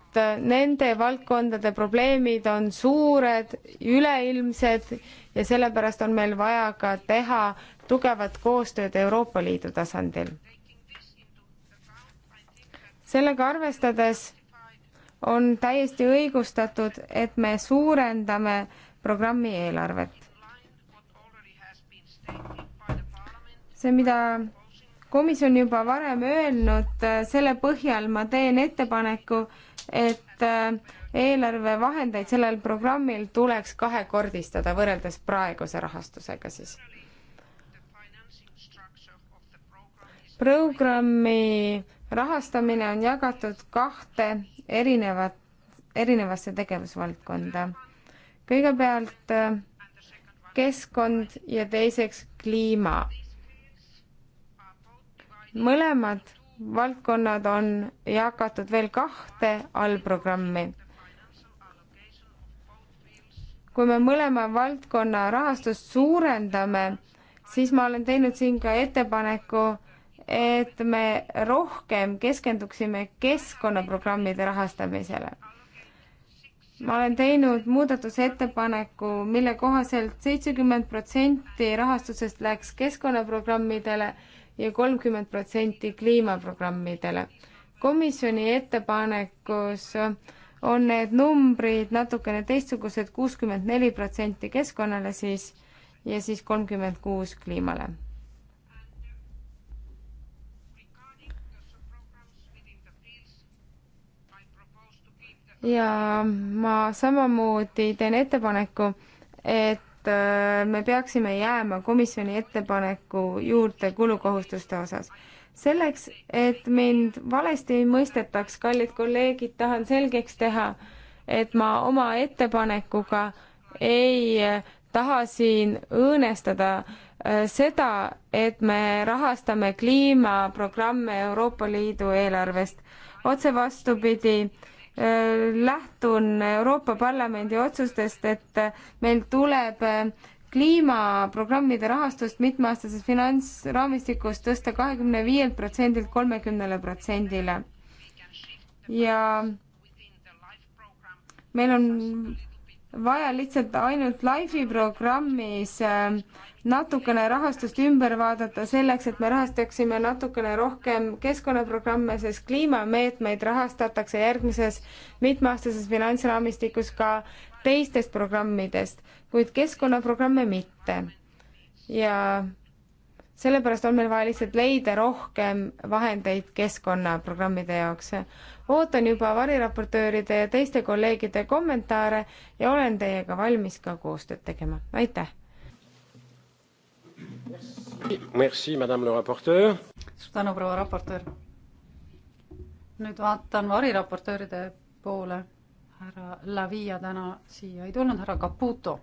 nende valdkondade probleemid on suured, üleilmsed ja sellepärast on meil vaja ka teha tugevat koostööd Euroopa Liidu tasandil. sellega arvestades on täiesti õigustatud, et me suurendame programmi eelarvet. see, mida komisjon juba varem öelnud, selle põhjal ma teen ettepaneku, et eelarvevahendeid sellel programmil tuleks kahekordistada võrreldes praeguse rahastusega siis. programmi rahastamine on jagatud kahte erinevat, erinevasse tegevusvaldkonda. kõigepealt äh, keskkond ja teiseks kliima. mõlemad valdkonnad on jagatud veel kahte allprogrammi. kui me mõlema valdkonna rahastust suurendame, siis ma olen teinud siin ka ettepaneku, et me rohkem keskenduksime keskkonnaprogrammide rahastamisele. ma olen teinud muudatusettepaneku, mille kohaselt seitsekümmend protsenti rahastusest läks keskkonnaprogrammidele ja kolmkümmend protsenti kliimaprogrammidele. komisjoni ettepanekus on need numbrid natukene teistsugused, kuuskümmend neli protsenti keskkonnale siis ja siis kolmkümmend kuus kliimale ja ma samamoodi teen ettepaneku, et äh, me peaksime jääma komisjoni ettepaneku juurde kulukohustuste osas selleks, et mind valesti ei mõistetaks, kallid kolleegid, tahan selgeks teha, et ma oma ettepanekuga ei äh, taha siin õõnestada äh, seda, et me rahastame kliimaprogramme Euroopa Liidu eelarvest. otse vastupidi, lähtun Euroopa Parlamendi otsustest, et meil tuleb kliimaprogrammide rahastust mitmeaastases finantsraamistikus tõsta kahekümne viielt protsendilt kolmekümnele protsendile. ja meil on vaja lihtsalt ainult Life'i programmis äh, natukene rahastust ümber vaadata selleks, et me rahastaksime natukene rohkem keskkonnaprogramme, sest kliimameetmeid rahastatakse järgmises mitmeaastases finantsraamistikus ka teistest programmidest, kuid keskkonnaprogramme mitte. ja sellepärast on meil vaja lihtsalt leida rohkem vahendeid keskkonnaprogrammide jaoks ootan juba variraportööride ja teiste kolleegide kommentaare ja olen teiega valmis ka koostööd tegema, aitäh! Merci, madame le raporteur! suur tänu, proua raportöör! nüüd vaatan variraportööride poole. härra Lavia täna siia ei tulnud, härra Caputo.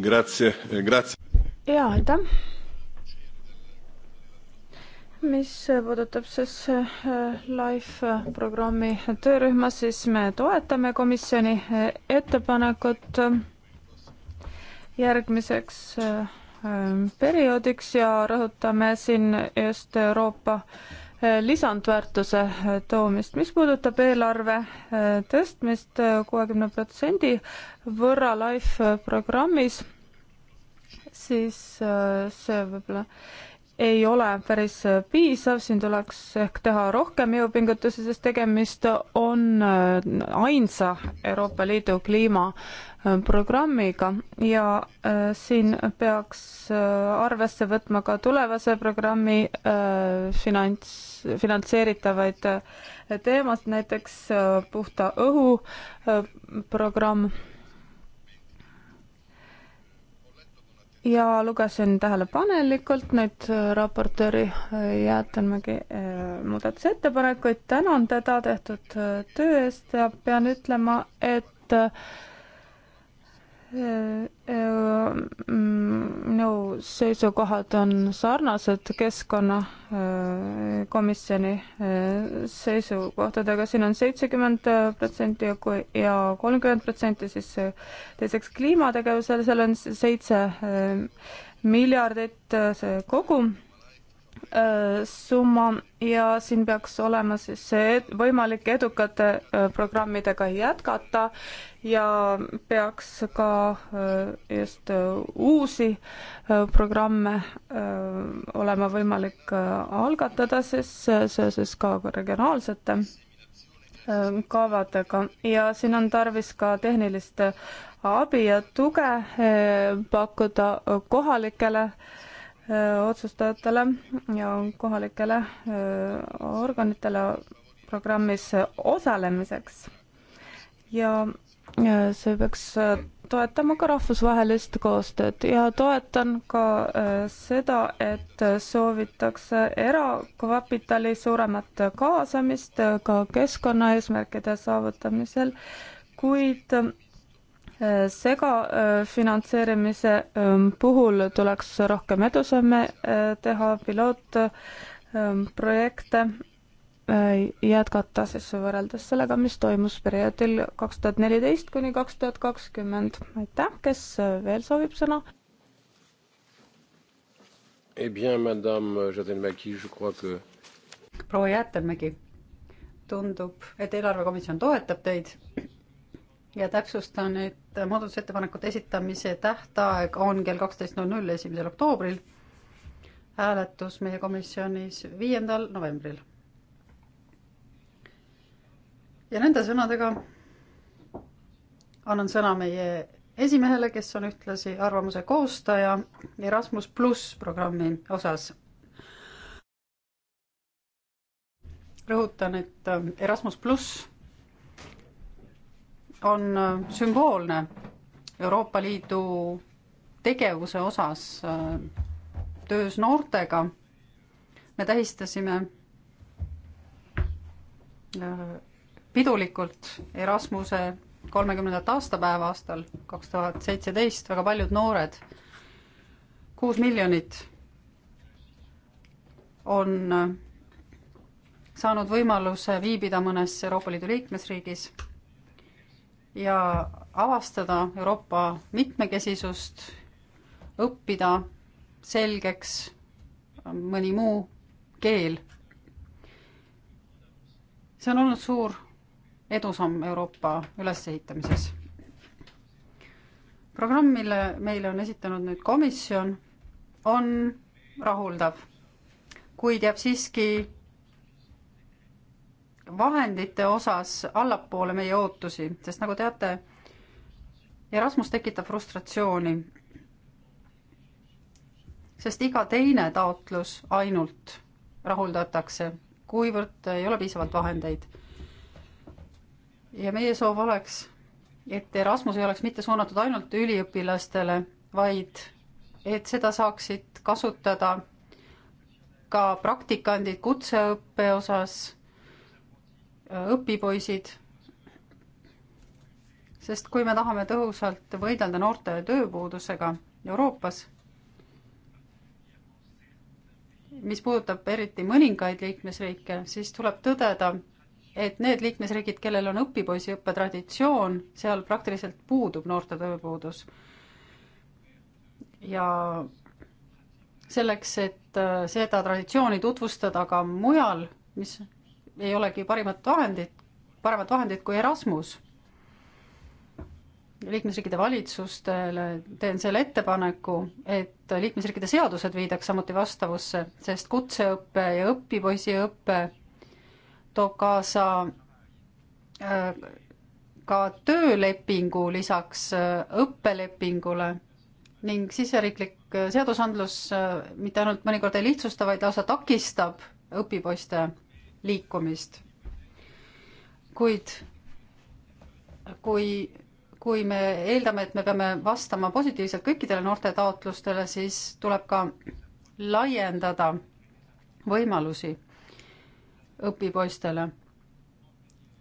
Grazie, eh, grazie. jaa, aitäh! mis puudutab siis äh, LIFE programmi töörühma, siis me toetame komisjoni äh, ettepanekut äh, järgmiseks perioodiks ja rõhutame siin just Euroopa lisandväärtuse toomist. mis puudutab eelarve tõstmist kuuekümne protsendi võrra LIFE programmis, siis see võib-olla ei ole päris piisav, siin tuleks ehk teha rohkem jõupingutusi, sest tegemist on äh, ainsa Euroopa Liidu kliimaprogrammiga ja äh, siin peaks äh, arvesse võtma ka tulevase programmi finants, finantseeritavaid teemasid, näiteks puhta õhu programm ja lugesin tähelepanelikult nüüd äh, raportööri äh, Jäätanmägi äh, muudatusettepanekuid, tänan teda tehtud töö eest ja pean ütlema, et minu seisukohad on sarnased keskkonnakomisjoni äh, seisukohtadega, siin on seitsekümmend protsenti ja kui ja kolmkümmend protsenti, siis äh, teiseks kliimategevusel, seal on seitse äh, miljardit see kogum Äh, summa ja siin peaks olema siis võimalik edukate äh, programmidega jätkata ja peaks ka äh, just uusi programme olema võimalik algatada siis seoses ka regionaalsete kavadega ja siin on tarvis ka tehnilist abi ja tuge pakkuda kohalikele äh, otsustajatele ja kohalikele organitele programmis osalemiseks. ja see peaks toetama ka rahvusvahelist koostööd ja toetan ka seda, et soovitakse erakapitali suuremat kaasamist ka keskkonnaeesmärkide saavutamisel, kuid segafinantseerimise äh, ähm, puhul tuleks rohkem edusamme äh, teha, pilootprojekte äh, jätkata siis võrreldes sellega, mis toimus perioodil kaks tuhat neliteist kuni kaks tuhat kakskümmend. aitäh, kes veel soovib sõna? Eh bien, madame Jadenmägi, je crois que proua Jäätemägi, tundub, et eelarvekomisjon toetab teid ja täpsustan, et muudatusettepanekute esitamise tähtaeg on kell kaksteist null null, esimesel oktoobril. hääletus meie komisjonis viiendal novembril. ja nende sõnadega annan sõna meie esimehele, kes on ühtlasi arvamuse koostaja Erasmus pluss programmi osas. rõhutan, et Erasmus pluss on äh, sümboolne Euroopa Liidu tegevuse osas äh, töös noortega. me tähistasime äh, pidulikult Erasmuse kolmekümnendat aastapäeva aastal kaks tuhat seitseteist, väga paljud noored, kuus miljonit on saanud võimaluse viibida mõnes Euroopa Liidu liikmesriigis ja avastada Euroopa mitmekesisust, õppida selgeks mõni muu keel. see on olnud suur edusamm Euroopa ülesehitamises. programm, mille meile on esitanud nüüd komisjon, on rahuldav, kuid jääb siiski vahendite osas allapoole meie ootusi, sest nagu teate, Erasmus tekitab frustratsiooni. sest iga teine taotlus ainult rahuldatakse, kuivõrd ei ole piisavalt vahendeid. ja meie soov oleks, et Erasmus ei oleks mitte suunatud ainult üliõpilastele, vaid et seda saaksid kasutada ka praktikandid kutseõppe osas õpipoisid, sest kui me tahame tõhusalt võidelda noorte tööpuudusega Euroopas, mis puudutab eriti mõningaid liikmesriike, siis tuleb tõdeda, et need liikmesriigid, kellel on õpipoisiõppe traditsioon, seal praktiliselt puudub noorte tööpuudus. ja selleks, et äh, seda traditsiooni tutvustada ka mujal, mis ei olegi parimat vahendit, paremat vahendit kui Erasmus. liikmesriikide valitsustele teen selle ettepaneku, et liikmesriikide seadused viidaks samuti vastavusse, sest kutseõpe ja õpipoisiõpe toob kaasa äh, ka töölepingu lisaks äh, õppelepingule ning siseriiklik äh, seadusandlus mitte ainult mõnikord ei lihtsusta, vaid lausa takistab õpipoiste liikumist. kuid kui, kui me eeldame, et me peame vastama positiivselt kõikidele noorte taotlustele, siis tuleb ka laiendada võimalusi õpipoistele.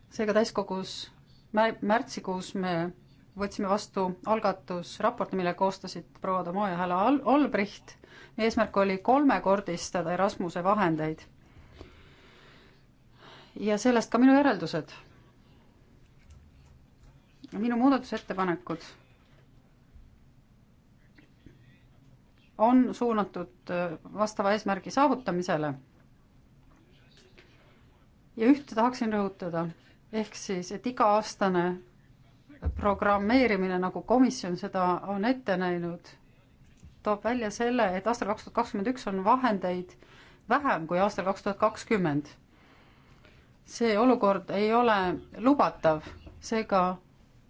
seega täiskogus mär-, märtsikuus me võtsime vastu algatusraporti, mille koostasid proua Tomo ja härra Al-, Albrecht. eesmärk oli kolmekordistada Erasmuse vahendeid ja sellest ka minu järeldused. minu muudatusettepanekud on suunatud äh, vastava eesmärgi saavutamisele. ja ühte tahaksin rõhutada, ehk siis, et iga-aastane programmeerimine, nagu komisjon seda on ette näinud, toob välja selle, et aastal kaks tuhat kakskümmend üks on vahendeid vähem kui aastal kaks tuhat kakskümmend see olukord ei ole lubatav, seega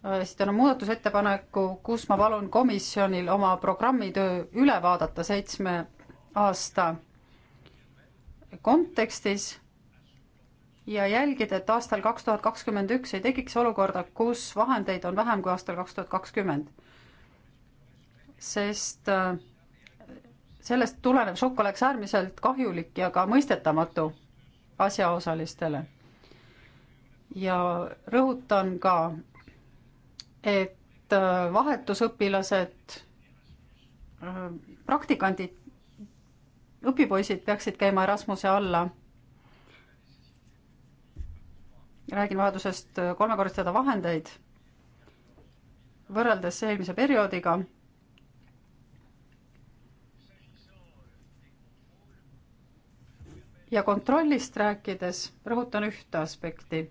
äh, esitan muudatusettepaneku, kus ma palun komisjonil oma programmitöö üle vaadata seitsme aasta kontekstis ja jälgida, et aastal kaks tuhat kakskümmend üks ei tekiks olukorda, kus vahendeid on vähem kui aastal kaks tuhat kakskümmend. sest äh, sellest tulenev šokk oleks äärmiselt kahjulik ja ka mõistetamatu asjaosalistele ja rõhutan ka, et äh, vahetusõpilased, äh, praktikandid, õpipoisid peaksid käima Erasmuse alla. räägin vajadusest äh, kolmekordistada vahendeid võrreldes eelmise perioodiga ja kontrollist rääkides rõhutan ühte aspekti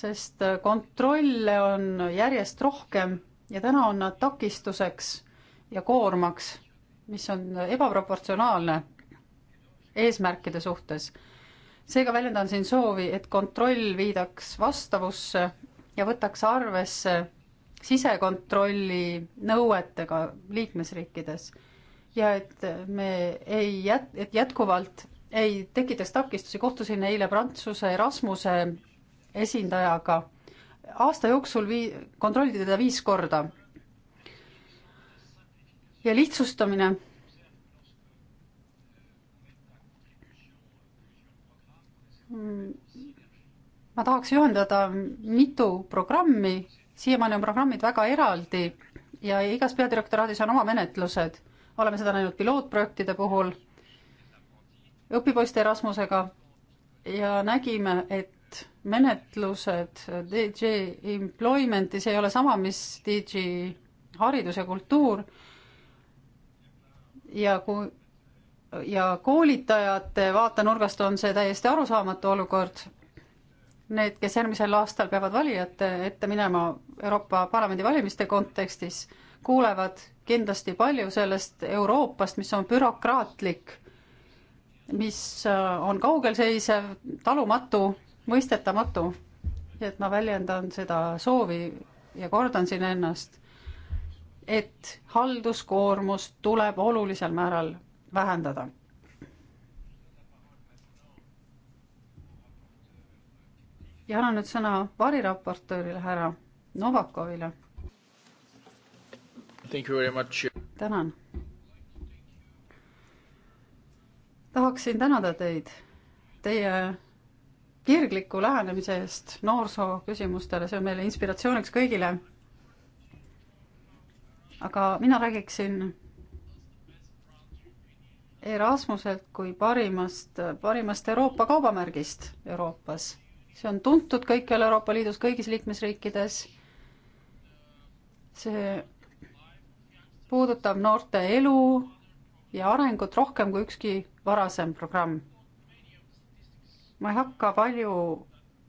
sest kontrolle on järjest rohkem ja täna on nad takistuseks ja koormaks, mis on ebaproportsionaalne eesmärkide suhtes. seega väljendan siin soovi, et kontroll viidaks vastavusse ja võtaks arvesse sisekontrolli nõuetega liikmesriikides ja et me ei jät-, et jätkuvalt ei tekitaks takistusi, kohtusin eile Prantsuse Erasmuse esindajaga. aasta jooksul vii-, kontrolliti teda viis korda. ja lihtsustamine ma tahaks ühendada mitu programmi, siiamaani on programmid väga eraldi ja igas peadirektoraadis on oma menetlused. oleme seda näinud pilootprojektide puhul, õpipoiste Erasmusega ja nägime, et menetlused DG employment'i, see ei ole sama, mis DG haridus ja kultuur. ja kui ja koolitajate vaatenurgast on see täiesti arusaamatu olukord. Need, kes järgmisel aastal peavad valijate ette minema Euroopa Parlamendi valimiste kontekstis, kuulevad kindlasti palju sellest Euroopast, mis on bürokraatlik, mis äh, on kaugelseisev, talumatu mõistetamatu, et ma väljendan seda soovi ja kordan siin ennast, et halduskoormust tuleb olulisel määral vähendada. ja annan nüüd sõna variraportöörile härra Novakovile. tänan. tahaksin tänada teid teie kirgliku lähenemise eest noorsoo küsimustele, see on meile inspiratsiooniks kõigile. aga mina räägiksin Erasmuselt kui parimast, parimast Euroopa kaubamärgist Euroopas. see on tuntud kõikjal Euroopa Liidus, kõigis liikmesriikides. see puudutab noorte elu ja arengut rohkem kui ükski varasem programm ma ei hakka palju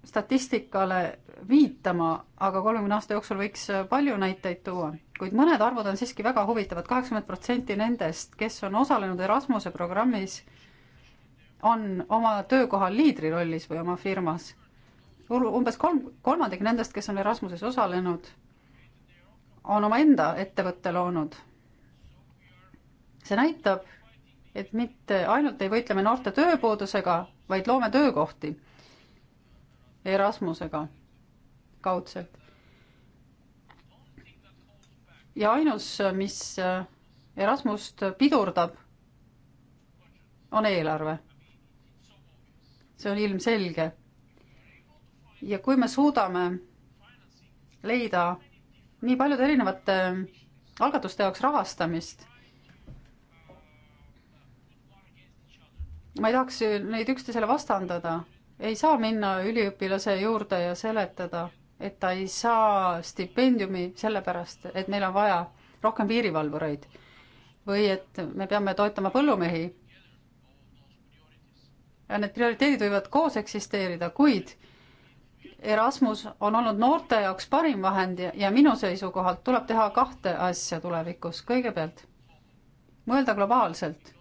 statistikale viitama, aga kolmekümne aasta jooksul võiks palju näiteid tuua, kuid mõned arvud on siiski väga huvitavad, kaheksakümmend protsenti nendest, kes on osalenud Erasmuse programmis, on oma töökohal liidrirollis või oma firmas. umbes kolm, kolmandik nendest, kes on Erasmuses osalenud, on omaenda ettevõtte loonud. see näitab, et mitte ainult ei võitleme noorte tööpuudusega, vaid loome töökohti Erasmusega kaudselt. ja ainus, mis Erasmust pidurdab, on eelarve. see on ilmselge. ja kui me suudame leida nii paljude erinevate algatuste jaoks rahastamist ma ei tahaks neid üksteisele vastandada, ei saa minna üliõpilase juurde ja seletada, et ta ei saa stipendiumi sellepärast, et meil on vaja rohkem piirivalvureid või et me peame toetama põllumehi. ja need prioriteedid võivad koos eksisteerida, kuid Erasmus on olnud noorte jaoks parim vahend ja, ja minu seisukohalt tuleb teha kahte asja tulevikus. kõigepealt mõelda globaalselt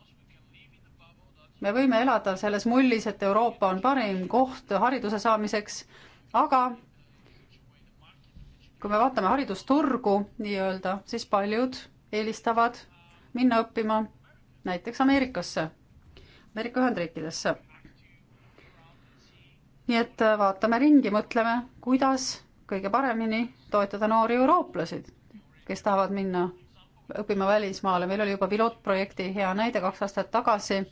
me võime elada selles mullis, et Euroopa on parim koht hariduse saamiseks, aga kui me vaatame haridusturgu nii-öelda, siis paljud eelistavad minna õppima näiteks Ameerikasse, Ameerika Ühendriikidesse. nii et vaatame ringi, mõtleme, kuidas kõige paremini toetada noori eurooplasid, kes tahavad minna õppima välismaale, meil oli juba pilootprojekti hea näide kaks aastat tagasi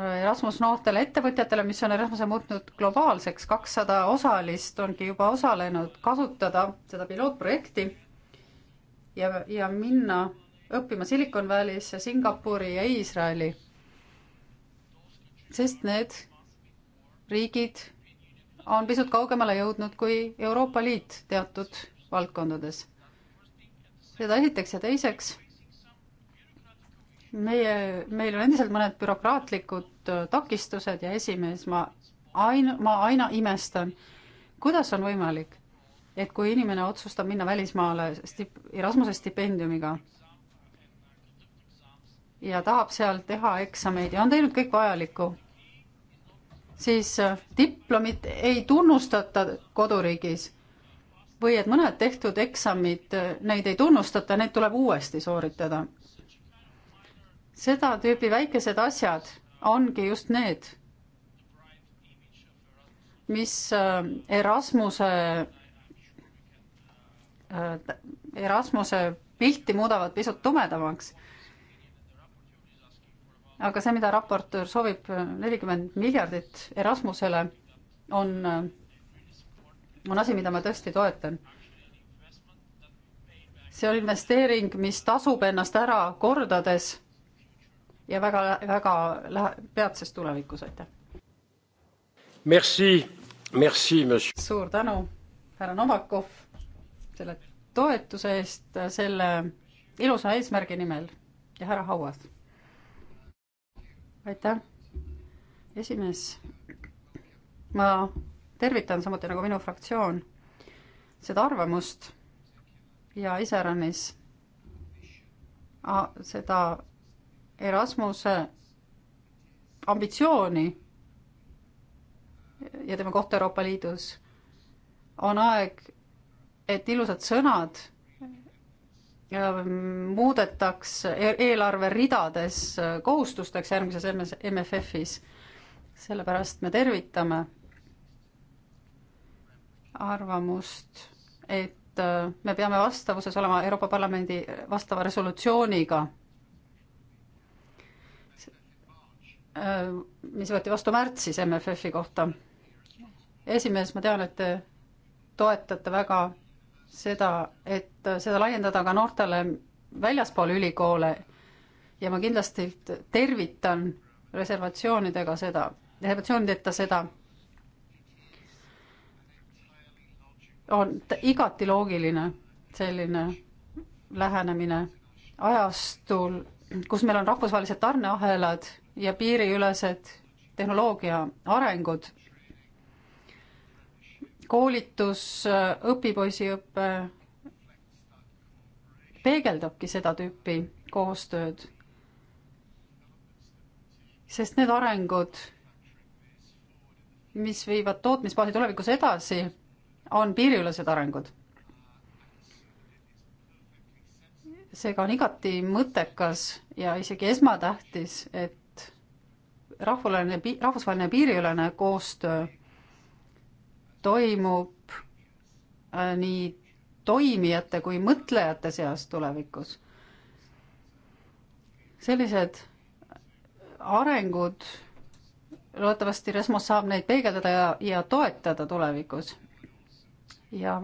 Erasmus noortele ettevõtjatele, mis on Erasmuse muutnud globaalseks, kakssada osalist ongi juba osalenud kasutada seda pilootprojekti ja, ja minna õppima Silicon Valley'sse, Singapuri ja Iisraeli. sest need riigid on pisut kaugemale jõudnud kui Euroopa Liit teatud valdkondades. seda esiteks ja teiseks meie, meil on endiselt mõned bürokraatlikud äh, takistused ja esimees, ma ainu-, ma aina imestan, kuidas on võimalik, et kui inimene otsustab minna välismaale stip-, Erasmuse stipendiumiga ja tahab seal teha eksameid ja on teinud kõik vajalikku, siis äh, diplomit ei tunnustata koduriigis või et mõned tehtud eksamid, äh, neid ei tunnustata, need tuleb uuesti sooritada seda tüüpi väikesed asjad ongi just need, mis äh, Erasmuse, äh, Erasmuse pilti muudavad pisut tumedamaks. aga see, mida raportöör soovib, äh, nelikümmend miljardit Erasmusele, on, on asi, mida ma tõesti toetan see on investeering, mis tasub ennast ära kordades ja väga, väga lähe-, peatses tulevikus, aitäh! Merci, merci, monsieur! suur tänu, härra Novakov, selle toetuse eest selle ilusa eesmärgi nimel ja härra Hauas. aitäh, esimees. ma tervitan samuti nagu minu fraktsioon seda arvamust ja iseäranis seda Erasmuse ambitsiooni ja tema kohta Euroopa Liidus, on aeg, et ilusad sõnad ähm, muudetaks e-, eelarveridades äh, kohustusteks järgmises MFF-is. sellepärast me tervitame arvamust, et äh, me peame vastavuses olema Euroopa Parlamendi vastava resolutsiooniga Äh, mis võeti vastu märtsis MFF-i kohta. esimees, ma tean, et te toetate väga seda, et seda laiendada ka noortele väljaspool ülikoole ja ma kindlasti tervitan reservatsioonidega seda, reservatsioonideta seda. on igati loogiline selline lähenemine ajastul, kus meil on rahvusvahelised tarneahelad ja piiriülesed tehnoloogia arengud, koolitus, õpipoisiõpe peegeldabki seda tüüpi koostööd. sest need arengud, mis viivad tootmisbaasi tulevikus edasi, on piiriülesed arengud. seega on igati mõttekas ja isegi esmatähtis, et rahvaline, rahvusvaheline piiriülene koostöö toimub äh, nii toimijate kui mõtlejate seas tulevikus. sellised arengud, loodetavasti Resmos saab neid peegeldada ja, ja toetada tulevikus. ja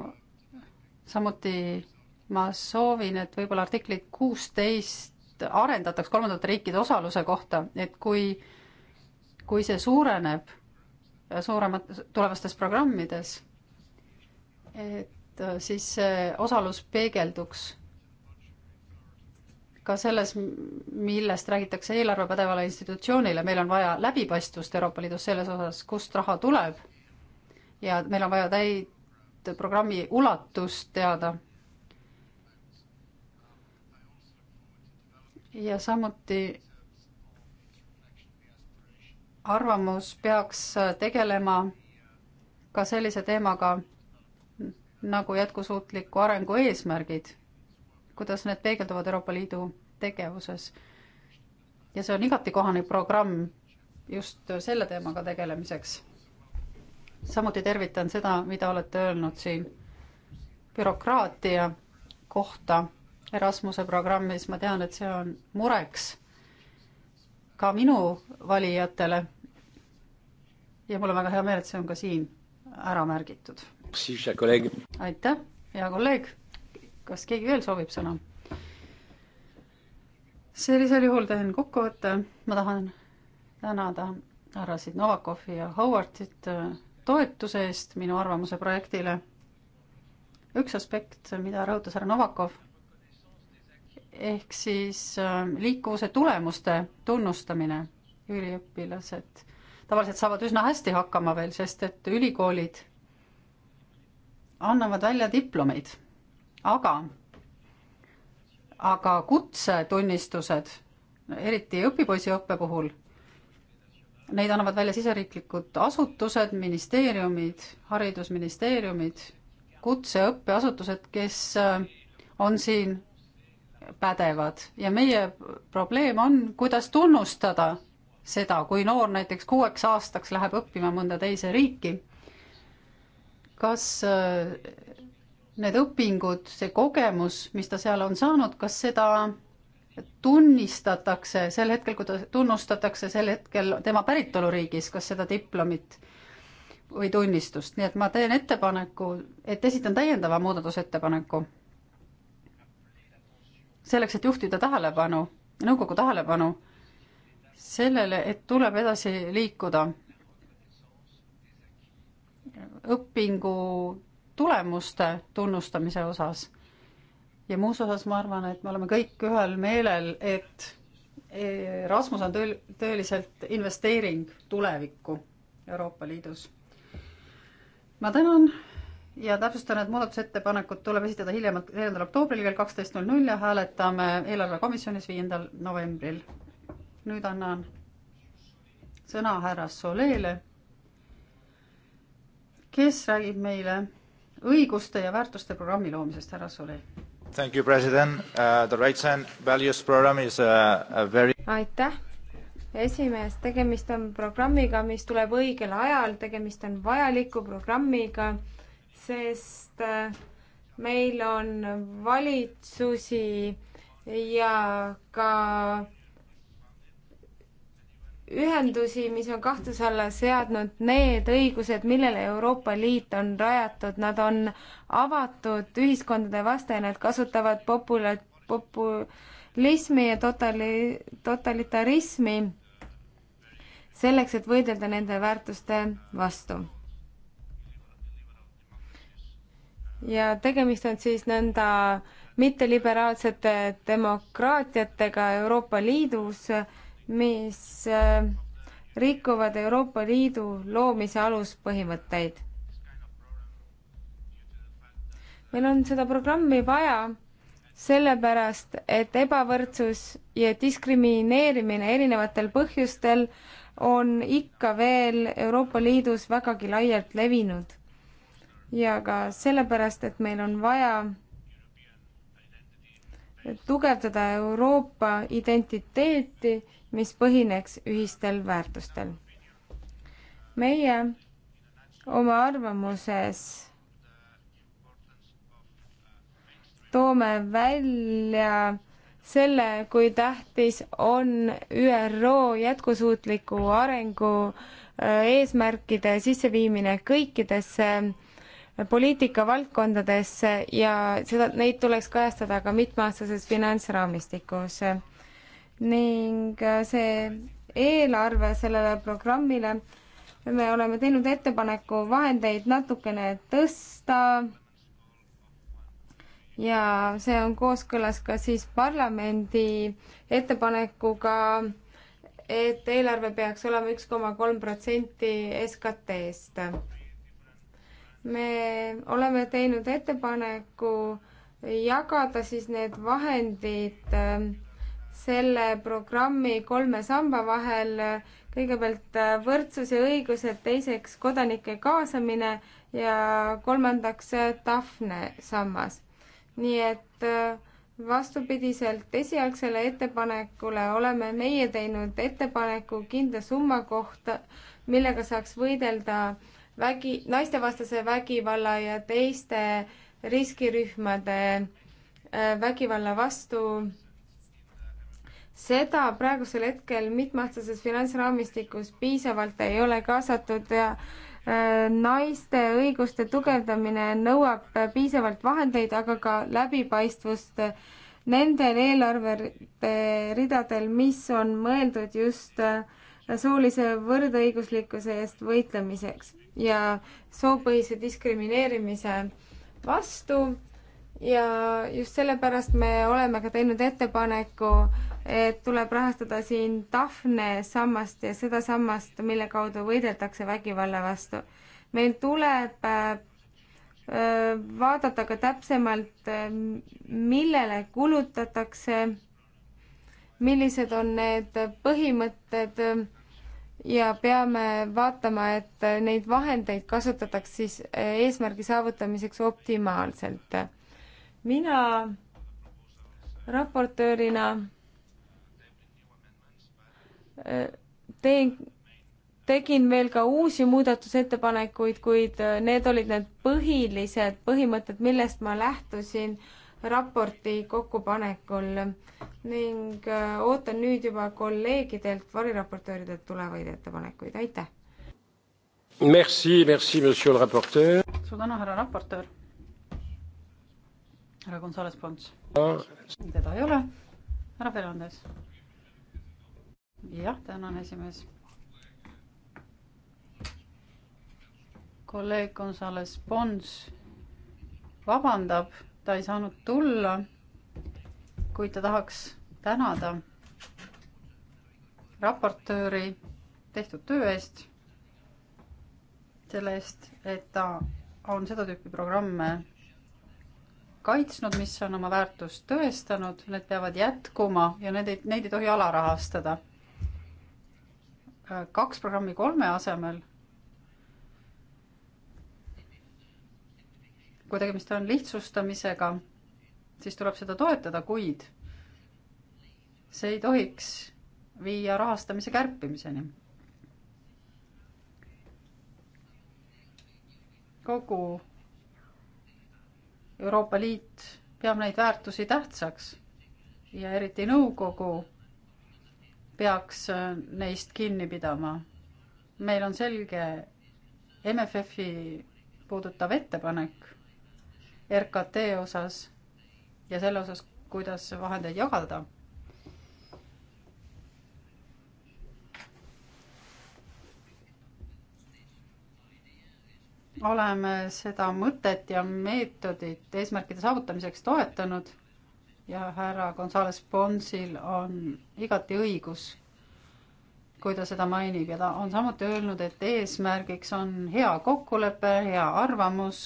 samuti ma soovin, et võib-olla artiklit kuusteist arendataks kolmandate riikide osaluse kohta, et kui äh, kui see suureneb äh, suuremat, tulevastes programmides, et äh, siis see osalus peegelduks ka selles, millest räägitakse eelarvepädevale institutsioonile, meil on vaja läbipaistvust Euroopa Liidus selles osas, kust raha tuleb ja meil on vaja täit programmi ulatust teada. ja samuti arvamus peaks äh, tegelema ka sellise teemaga nagu jätkusuutliku arengu eesmärgid, kuidas need peegelduvad Euroopa Liidu tegevuses. ja see on igati kohane programm just selle teemaga tegelemiseks. samuti tervitan seda, mida olete öelnud siin bürokraatia kohta Erasmuse programmis, ma tean, et see on mureks ka minu valijatele ja mul on väga hea meel, et see on ka siin ära märgitud. aitäh, hea kolleeg. kas keegi veel soovib sõna? sellisel juhul teen kokkuvõtte. ma tahan tänada härrasid Novakovi ja Howardit äh, toetuse eest minu arvamuse projektile. üks aspekt, mida rõhutas härra Novakov ehk siis äh, liikuvuse tulemuste tunnustamine, üliõpilased tavaliselt saavad üsna hästi hakkama veel, sest et ülikoolid annavad välja diplomeid, aga, aga kutsetunnistused, eriti õpipoisiõppe puhul, neid annavad välja siseriiklikud asutused, ministeeriumid, haridusministeeriumid, kutseõppeasutused, kes äh, on siin pädevad ja meie probleem on, kuidas tunnustada seda, kui noor näiteks kuueks aastaks läheb õppima mõnda teise riiki, kas äh, need õpingud, see kogemus, mis ta seal on saanud, kas seda tunnistatakse sel hetkel, kui ta tunnustatakse sel hetkel tema päritoluriigis, kas seda diplomit või tunnistust, nii et ma teen ettepaneku, et esitan täiendava muudatusettepaneku. selleks, et juhtida tähelepanu, nõukogu tähelepanu sellele, et tuleb edasi liikuda. õpingu tulemuste tunnustamise osas ja muus osas ma arvan, et me oleme kõik ühel meelel, et Rasmus on tõel-, tõeliselt investeering tulevikku Euroopa Liidus. ma tänan ja täpsustan, et muudatusettepanekud tuleb esitada hiljemalt neljandal oktoobril kell kaksteist null null ja hääletame eelarvekomisjonis viiendal novembril nüüd annan sõna härra Solele, kes räägib meile õiguste ja väärtuste programmi loomisest, härra Sole. Thank you, president uh,. The rights and values program is a, a very aitäh, esimees, tegemist on programmiga, mis tuleb õigel ajal, tegemist on vajaliku programmiga, sest uh, meil on valitsusi ja ka ühendusi, mis on kahtluse alla seadnud need õigused, millele Euroopa Liit on rajatud, nad on avatud ühiskondade vastu ja nad kasutavad popula-, populismi ja totali-, totalitarismi selleks, et võidelda nende väärtuste vastu. ja tegemist on siis nõnda mitteliberaalsete demokraatiatega Euroopa Liidus, mis äh, rikuvad Euroopa Liidu loomise aluspõhimõtteid. meil on seda programmi vaja sellepärast, et ebavõrdsus ja diskrimineerimine erinevatel põhjustel on ikka veel Euroopa Liidus vägagi laialt levinud. ja ka sellepärast, et meil on vaja tugevdada Euroopa identiteeti, mis põhineks ühistel väärtustel. meie oma arvamuses toome välja selle, kui tähtis on ÜRO jätkusuutliku arengu äh, eesmärkide sisseviimine kõikidesse äh, poliitikavaldkondadesse ja seda, neid tuleks kajastada ka mitmeaastases finantsraamistikus. ning äh, see eelarve sellele programmile, me oleme teinud ettepaneku vahendeid natukene tõsta ja see on kooskõlas ka siis parlamendi ettepanekuga, et eelarve peaks olema üks koma kolm protsenti SKT-st me oleme teinud ettepaneku jagada siis need vahendid ähm, selle programmi kolme samba vahel, kõigepealt äh, võrdsus ja õigused, teiseks kodanike kaasamine ja kolmandaks Tafne äh, sammas. nii et äh, vastupidiselt esialgsele ettepanekule oleme meie teinud ettepaneku kindla summa kohta, millega saaks võidelda äh, vägi, naistevastase vägivalla ja teiste riskirühmade äh, vägivalla vastu. seda praegusel hetkel mitmeaastases finantsraamistikus piisavalt ei ole kaasatud ja äh, naiste õiguste tugevdamine nõuab äh, piisavalt vahendeid, aga ka läbipaistvust nendel eelarvete ridadel, mis on mõeldud just soolise võrdõiguslikkuse eest võitlemiseks ja soopõhise diskrimineerimise vastu ja just sellepärast me oleme ka teinud ettepaneku, et tuleb rahastada siin Daphne sammast ja seda sammast, mille kaudu võideldakse vägivalla vastu. meil tuleb äh, äh, vaadata ka täpsemalt, äh, millele kulutatakse, millised on need põhimõtted ja peame vaatama, et neid vahendeid kasutataks siis eesmärgi saavutamiseks optimaalselt. mina raportöörina äh, teen, tegin veel ka uusi muudatusettepanekuid, kuid äh, need olid need põhilised põhimõtted, millest ma lähtusin raporti kokkupanekul ning äh, ootan nüüd juba kolleegidelt, variraportööridelt tulevaid ettepanekuid, aitäh! Merci, merci, monsieur le raporteur. suur tänu, härra raportöör. härra Gonzalez Pons. teda ei ole. härra Fernandes. jah, tänan, esimees. kolleeg Gonzalez Pons vabandab ta ei saanud tulla, kuid ta tahaks tänada raportööri tehtud töö eest, selle eest, et ta on seda tüüpi programme kaitsnud, mis on oma väärtust tõestanud, need peavad jätkuma ja need ei, neid ei tohi alarahastada. kaks programmi kolme asemel kui tegemist on lihtsustamisega, siis tuleb seda toetada, kuid see ei tohiks viia rahastamise kärpimiseni. kogu Euroopa Liit peab neid väärtusi tähtsaks ja eriti nõukogu peaks neist kinni pidama. meil on selge MFF-i puudutav ettepanek RKT osas ja selle osas, kuidas vahendeid jagada. oleme seda mõtet ja meetodit eesmärkide saavutamiseks toetanud ja härra Gonzales Ponsil on igati õigus, kui ta seda mainib ja ta on samuti öelnud, et eesmärgiks on hea kokkulepe, hea arvamus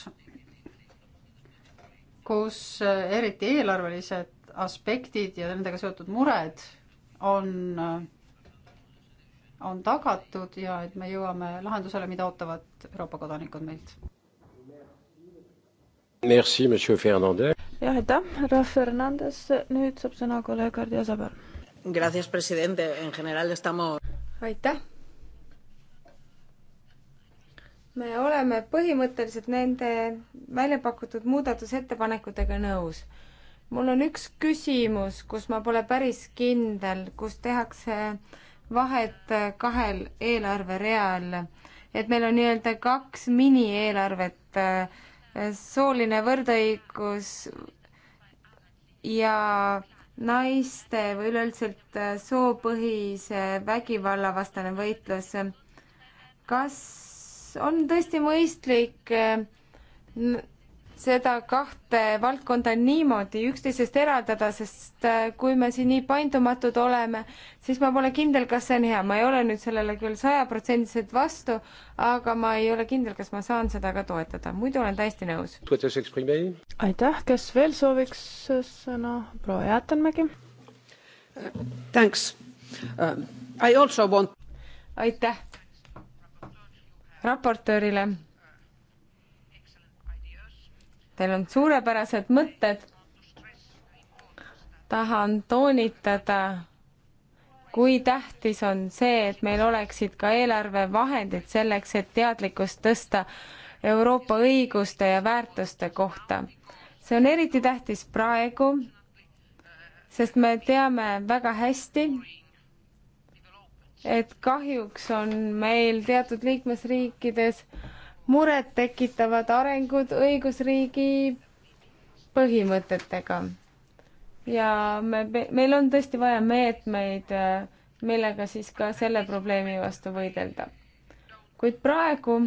kus äh, eriti eelarvelised aspektid ja nendega seotud mured on, äh, on tagatud ja et me jõuame lahendusele, mida ootavad Euroopa kodanikud meilt. Merci, monsieur Fernandez. jah, aitäh, härra Fernandes, nüüd saab sõna kolleeg Ardia Saber. Gracias, presidente, en general estamos. aitäh me oleme põhimõtteliselt nende välja pakutud muudatusettepanekutega nõus. mul on üks küsimus, kus ma pole päris kindel, kus tehakse vahet kahel eelarvereal, et meil on nii-öelda kaks minieelarvet, sooline võrdõigus ja naiste või üleüldiselt soopõhise vägivallavastane võitlus. kas on tõesti mõistlik eh, seda kahte valdkonda niimoodi üksteisest eraldada, sest eh, kui me siin nii paindumatud oleme, siis ma pole kindel, kas see on hea, ma ei ole nüüd sellele küll sajaprotsendiliselt vastu, aga ma ei ole kindel, kas ma saan seda ka toetada, muidu olen täiesti nõus. aitäh, kes veel sooviks sõna, proua Jäätenmägi? Thanks uh,, I also want aitäh raportöörile. Teil on suurepärased mõtted. tahan toonitada, kui tähtis on see, et meil oleksid ka eelarvevahendid selleks, et teadlikkust tõsta Euroopa õiguste ja väärtuste kohta. see on eriti tähtis praegu, sest me teame väga hästi, et kahjuks on meil teatud liikmesriikides muret tekitavad arengud õigusriigi põhimõtetega. ja me, meil on tõesti vaja meetmeid, millega siis ka selle probleemi vastu võidelda. kuid praegu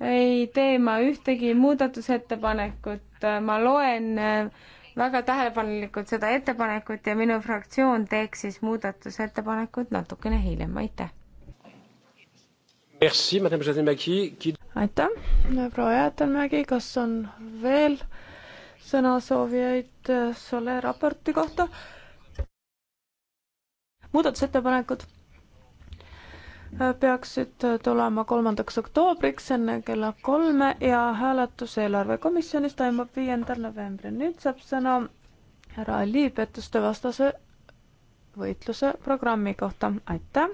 ei tee ma ühtegi muudatusettepanekut, ma loen äh, väga tähelepanelikult seda ettepanekut ja minu fraktsioon teeks siis muudatusettepanekud natukene hiljem, aitäh. aitäh, proua Jäätelmägi, kas on veel sõnasoovijaid selle raporti kohta? muudatusettepanekud peaksid tulema kolmandaks oktoobriks enne kella kolme ja hääletus eelarvekomisjonis toimub viiendal novembril. nüüd saab sõna härra Ali pettuste vastase võitluse programmi kohta, aitäh.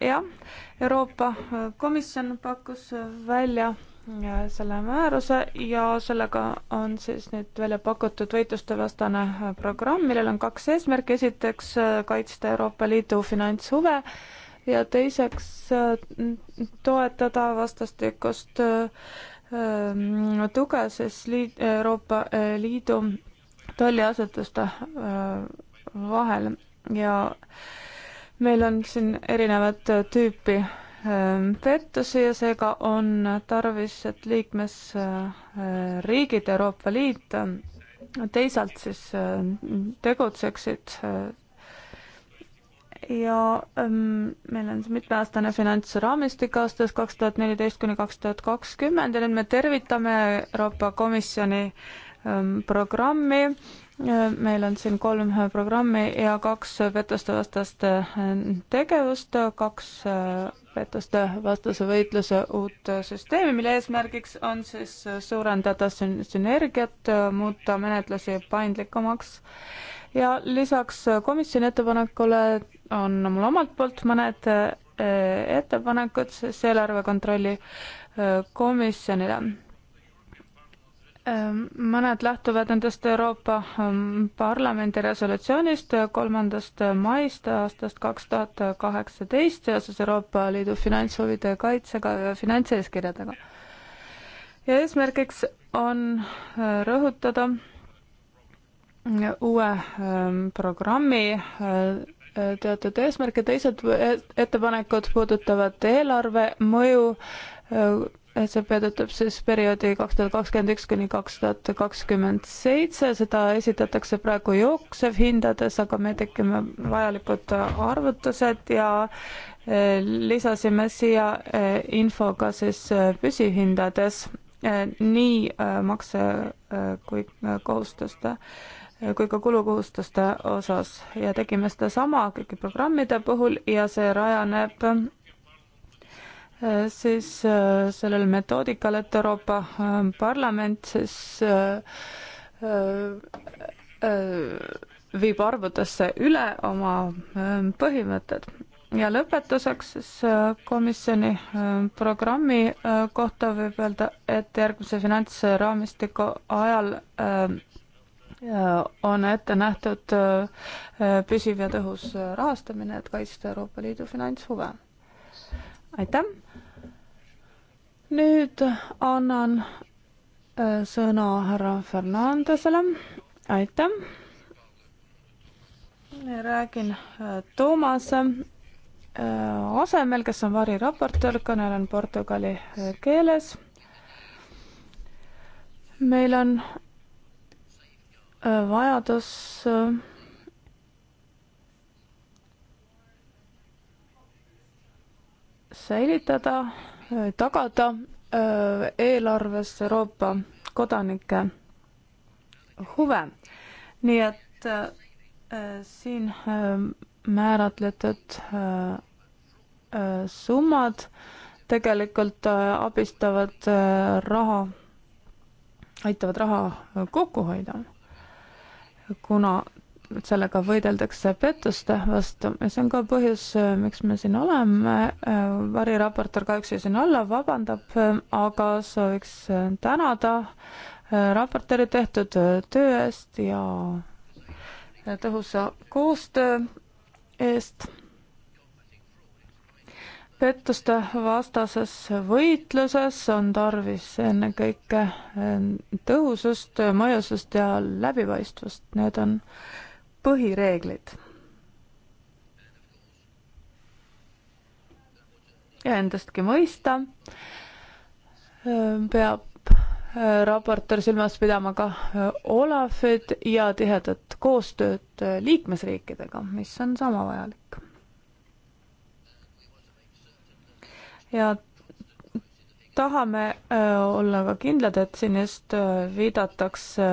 jah, Euroopa Komisjon pakkus välja selle määruse ja sellega on siis nüüd välja pakutud võitlustevastane äh, programm, millel on kaks eesmärki, esiteks äh, kaitsta Euroopa Liidu finantshuve ja teiseks äh, toetada vastastikust ähm, tuge siis liit, Euroopa Liidu tolliasutuste vahel ja meil on siin erinevat tüüpi Ähm, pettusi ja seega on tarvis, et liikmesriigid, äh, Euroopa Liit äh, teisalt siis äh, tegutseksid ja ähm, meil on see mitmeaastane finantsraamistik aastast kaks tuhat neliteist kuni kaks tuhat kakskümmend ja nüüd me tervitame Euroopa Komisjoni ähm, programmi meil on siin kolm programmi ja kaks petustevastast tegevust, kaks pettuste vastase võitluse uut süsteemi, mille eesmärgiks on siis suurendada sün-, sünergiat, muuta menetlusi paindlikumaks ja lisaks komisjoni ettepanekule on mul omalt poolt mõned eh, ettepanekud siis eelarve kontrolli eh, komisjonile Ehm, mõned lähtuvad nendest Euroopa ehm, Parlamendi resolutsioonist kolmandast maist aastast kaks tuhat kaheksateist seoses Euroopa Liidu finantshuvide kaitsega ja finantseeskirjadega. ja eesmärgiks on eh, rõhutada uue ehm, programmi eh, teatud eesmärke, teised e-, ettepanekud puudutavad eelarve mõju eh, see peatütab siis perioodi kaks tuhat kakskümmend üks kuni kaks tuhat kakskümmend seitse, seda esitatakse praegu jooksevhindades, aga me tegime vajalikud arvutused ja eh, lisasime siia eh, info ka siis eh, püsihindades nii makse kui kohustuste kui ka kulukohustuste osas ja tegime sedasama kõigi programmide puhul ja see rajaneb Äh, siis äh, sellele metoodikale, et Euroopa äh, Parlament siis viib arvudesse üle oma põhimõtted ja lõpetuseks siis komisjoni programmi kohta võib öelda, et järgmise finantsraamistiku ajal on ette nähtud püsiv ja tõhus rahastamine, et kaitsta Euroopa Liidu finantshuve. aitäh! nüüd annan äh, sõna härra Fernandesele. aitäh. räägin äh, Toomase äh, asemel, kes on variraportöör, kõnelen portugali keeles. meil on vajadus säilitada tagada äh, eelarves Euroopa kodanike huve. nii et äh, siin äh, määratletud äh, äh summad tegelikult äh, abistavad raha, aitavad raha kokku hoida, kuna sellega võideldakse pettuste vastu ja see on ka põhjus, äh, miks me siin oleme. Äh, variraportor kahjuks jäi siin alla, vabandab, äh, aga sooviks tänada raportööri tehtud töö eest ja tõhusa koostöö eest pettuste vastases võitluses on tarvis ennekõike tõhusust, mõjusust ja läbipaistvust. Need on põhireeglid. ja endastki mõista äh, peab äh, raportöör silmas pidama ka äh, Olafit ja tihedat koostööd liikmesriikidega, mis on sama vajalik. ja tahame olla ka kindlad, et siin just viidatakse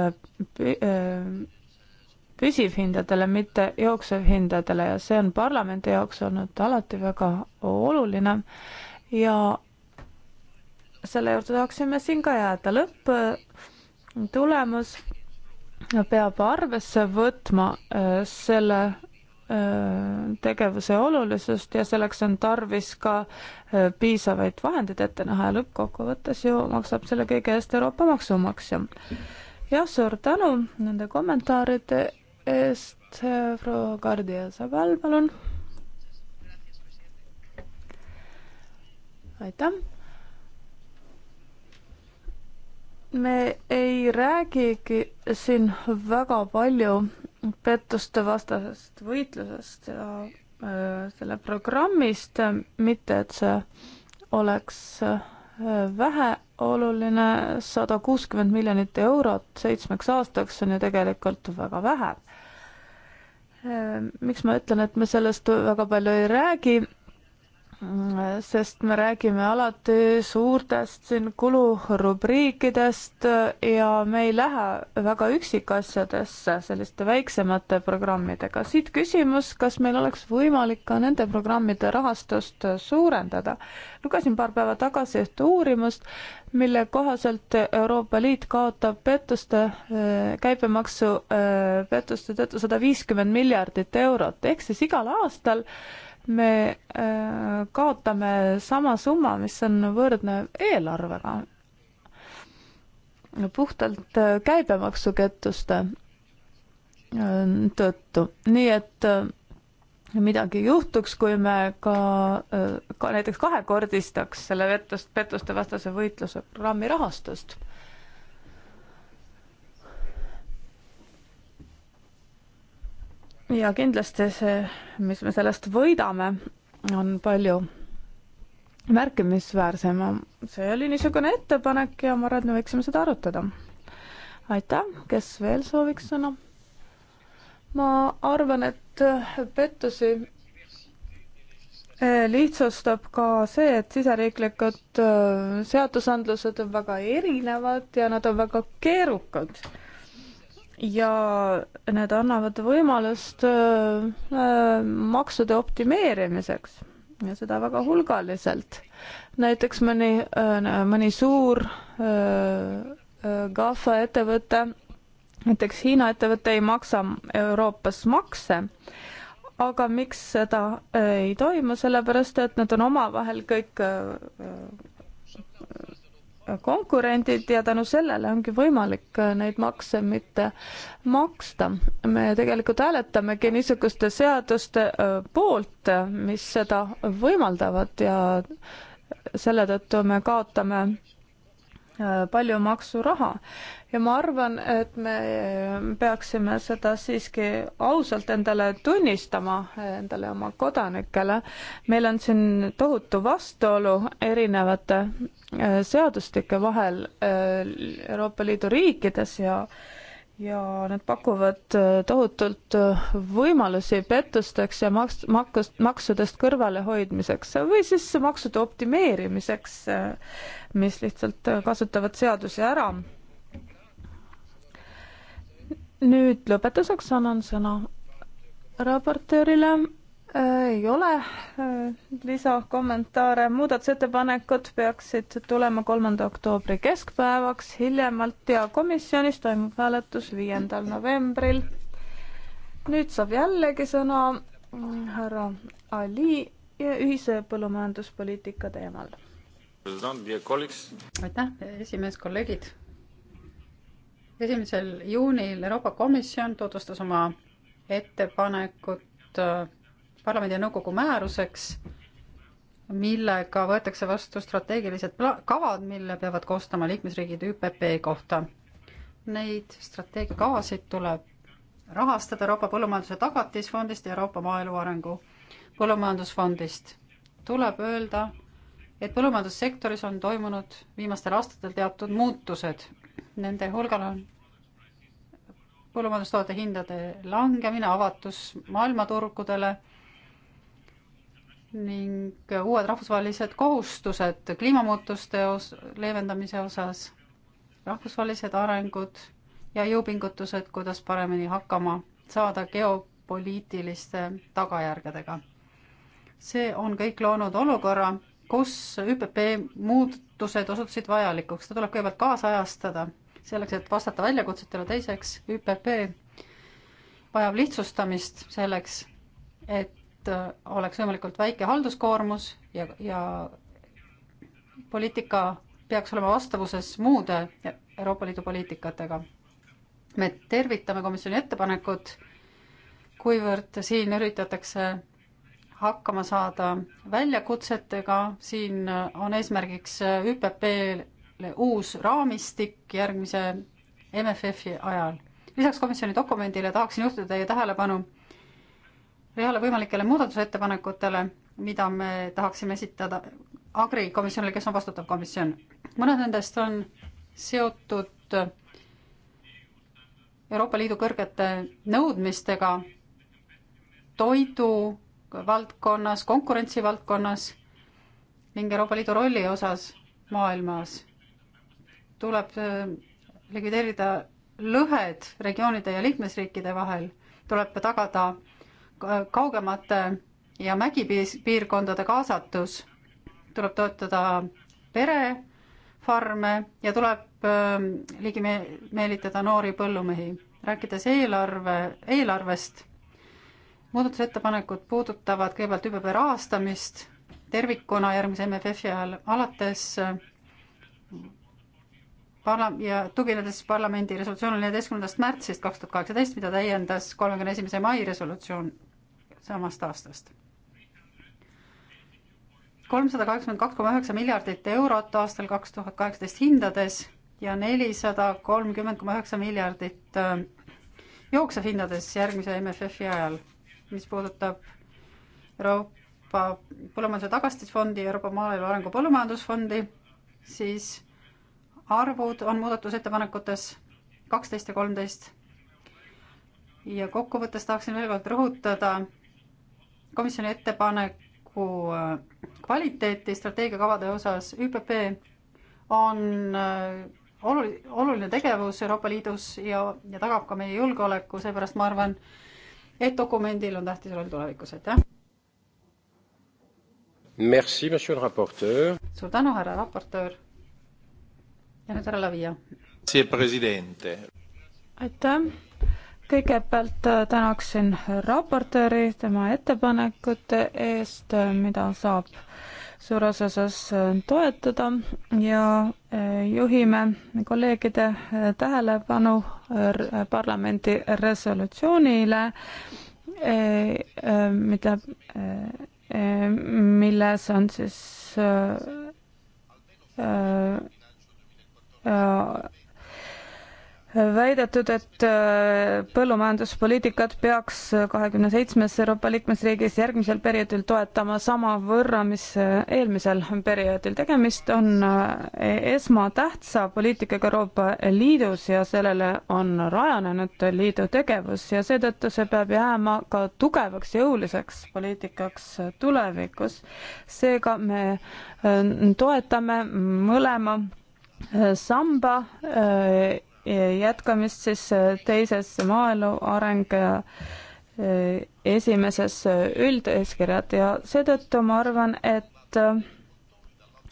püsivhindadele, mitte jooksevhindadele ja see on parlamendi jaoks olnud alati väga oluline ja selle juurde tahaksime siin ka jääda. lõpptulemus äh, peab arvesse võtma äh, selle äh, tegevuse olulisust ja selleks on tarvis ka piisavaid vahendeid ette näha ja lõppkokkuvõttes ju maksab selle kõige eest Euroopa maksumaksja. jah, suur tänu nende kommentaaride eest, proua Gardia Sabal, palun. aitäh. me ei räägigi siin väga palju pettuste vastasest võitlusest ja äh, selle programmist, mitte et see oleks äh, väheoluline, sada kuuskümmend miljonit eurot seitsmeks aastaks on ju tegelikult väga vähe miks ma ütlen, et me sellest väga palju ei räägi, sest me räägime alati suurtest siin kulurubriikidest ja me ei lähe väga üksikasjadesse selliste väiksemate programmidega. siit küsimus, kas meil oleks võimalik ka nende programmide rahastust suurendada? lugesin paar päeva tagasi ühte uurimust, mille kohaselt Euroopa Liit kaotab pettuste, eh, käibemaksu eh, pettuste tõttu sada viiskümmend miljardit eurot, ehk siis igal aastal äh, me äh, kaotame sama summa, mis on võrdne eelarvega, puhtalt äh, käibemaksukettuste äh, tõttu, nii et midagi juhtuks, kui me ka, ka näiteks kahekordistaks selle pettuste vastase võitluse programmi rahastust ja kindlasti see, mis me sellest võidame, on palju märkimisväärsem. see oli niisugune ettepanek ja ma arvan, et me võiksime seda arutada. aitäh, kes veel sooviks sõna? ma arvan, et pettusi eh, lihtsustab ka see, et siseriiklikud eh, seadusandlused on väga erinevad ja nad on väga keerukad ja need annavad võimalust äh, äh, maksude optimeerimiseks ja seda väga hulgaliselt. näiteks mõni, äh, mõni suur GAFA ettevõte, näiteks Hiina ettevõte ei maksa Euroopas makse, aga miks seda ei toimu, sellepärast et nad on omavahel kõik konkurendid ja tänu sellele ongi võimalik äh, neid makse mitte maksta. me tegelikult hääletamegi niisuguste seaduste äh, poolt, äh, mis seda võimaldavad ja selle tõttu me kaotame palju maksuraha ja ma arvan, et me peaksime seda siiski ausalt endale tunnistama, endale ja oma kodanikele. meil on siin tohutu vastuolu erinevate äh, seadustike vahel äh, Euroopa Liidu riikides ja ja need pakuvad äh, tohutult võimalusi pettusteks ja maks-, maksust, maksudest kõrvalehoidmiseks või siis maksude optimeerimiseks, mis lihtsalt kasutavad seadusi ära nüüd lõpetuseks annan sõna raportöörile äh, ei ole äh, lisakommentaare, muudatusettepanekud peaksid tulema kolmanda oktoobri keskpäevaks hiljemalt ja komisjonis toimub hääletus viiendal novembril. nüüd saab jällegi sõna mm, härra Ali ja ühise põllumajanduspoliitika teemal. aitäh, esimees, kolleegid esimesel juunil Euroopa Komisjon tutvustas oma ettepanekut äh, parlamendi ja nõukogu määruseks, millega võetakse vastu strateegilised pla-, kavad, mille peavad koostama liikmesriigid ÜPP kohta. Neid strateegiakavasid tuleb rahastada Euroopa Põllumajanduse Tagatisfondist ja Euroopa Maaelu Arengu Põllumajandusfondist. tuleb öelda, et põllumajandussektoris on toimunud viimastel aastatel teatud muutused nende hulgal on põllumajandustoodete hindade langemine, avatus maailmaturgudele ning uued rahvusvahelised kohustused kliimamuutuste os-, leevendamise osas, rahvusvahelised arengud ja jõupingutused, kuidas paremini hakkama saada geopoliitiliste tagajärgedega. see on kõik loonud olukorra, kus ÜPP muutused osutusid vajalikuks, ta tuleb kõigepealt kaasajastada selleks, et vastata väljakutsetele, teiseks ÜPP vajab lihtsustamist selleks, et äh, oleks võimalikult väike halduskoormus ja, ja poliitika peaks olema vastavuses muude Euroopa Liidu poliitikatega. me tervitame komisjoni ettepanekut, kuivõrd siin üritatakse hakkama saada väljakutsetega, siin on eesmärgiks ÜPP uus raamistik järgmise MFF-i ajal. lisaks komisjoni dokumendile tahaksin juhtida teie tähelepanu reale võimalikele muudatusettepanekutele, mida me tahaksime esitada Agri komisjonile, kes on vastutav komisjon. mõned nendest on seotud Euroopa Liidu kõrgete nõudmistega toidu valdkonnas, konkurentsivaldkonnas ning Euroopa Liidu rolli osas maailmas tuleb äh, likvideerida lõhed regioonide ja liikmesriikide vahel, tuleb tagada äh, kaugemate ja mägipiirkondade kaasatus, tuleb toetada perefarme ja tuleb äh, ligi meelitada noori põllumehi. rääkides eelarve, eelarvest, muudatusettepanekud puudutavad kõigepealt ÜBB rahastamist tervikuna järgmise MFF-i ajal alates parla- ja tuginedes parlamendi resolutsioonile neljateistkümnendast märtsist kaks tuhat kaheksateist, mida täiendas kolmekümne esimese mai resolutsioon samast aastast. kolmsada kaheksakümmend kaks koma üheksa miljardit eurot aastal kaks tuhat kaheksateist hindades ja nelisada kolmkümmend koma üheksa miljardit äh, jooksevhindades järgmise MFF-i ajal, mis puudutab Euroopa Põllumajanduse Tagastisfondi, Euroopa Maaelu Arengu Põllumajandusfondi, siis arvud on muudatusettepanekutes kaksteist ja kolmteist. ja kokkuvõttes tahaksin veel kord rõhutada komisjoni ettepaneku äh, kvaliteeti strateegiakavade osas. ÜPP on äh, olul-, oluline tegevus Euroopa Liidus ja, ja tagab ka meie julgeoleku, seepärast ma arvan, et dokumendil on tähtis roll tulevikus, aitäh! Merci, monsieur le rapporteur! suur tänu, härra raportöör! ja nüüd härra Lavia. aitäh kõigepealt äh, tänaksin raportööri tema ettepanekute eest, äh, mida saab suures osas äh, toetada ja juhime kolleegide tähelepanu parlamendi resolutsioonile, mida, milles on siis Äh, väidetud, et äh, põllumajanduspoliitikat peaks kahekümne seitsmes Euroopa liikmesriigis järgmisel perioodil toetama samavõrra, mis äh, eelmisel perioodil. tegemist on esmatähtsa poliitikaga Euroopa Liidus ja sellele on rajanenud liidu tegevus ja seetõttu see peab jääma ka tugevaks, jõuliseks poliitikaks tulevikus. seega me toetame mõlema Äh, samba äh, jätkamist siis äh, teises maaelu areng esimeses üldeeskirjad ja seetõttu ma arvan, et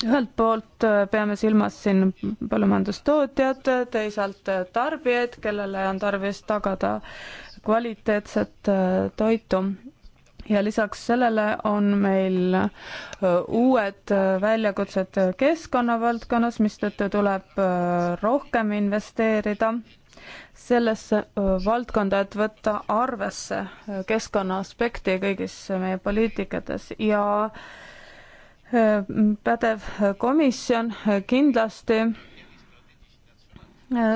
ühelt poolt peame silmas siin põllumajandustootjad, teisalt tarbijaid, kellele on tarvis tagada kvaliteetset toitu ja lisaks sellele on meil uued väljakutsed keskkonnavaldkonnas, mistõttu tuleb rohkem investeerida sellesse valdkonda, et võtta arvesse keskkonna aspekti kõigis meie poliitikates ja pädev komisjon kindlasti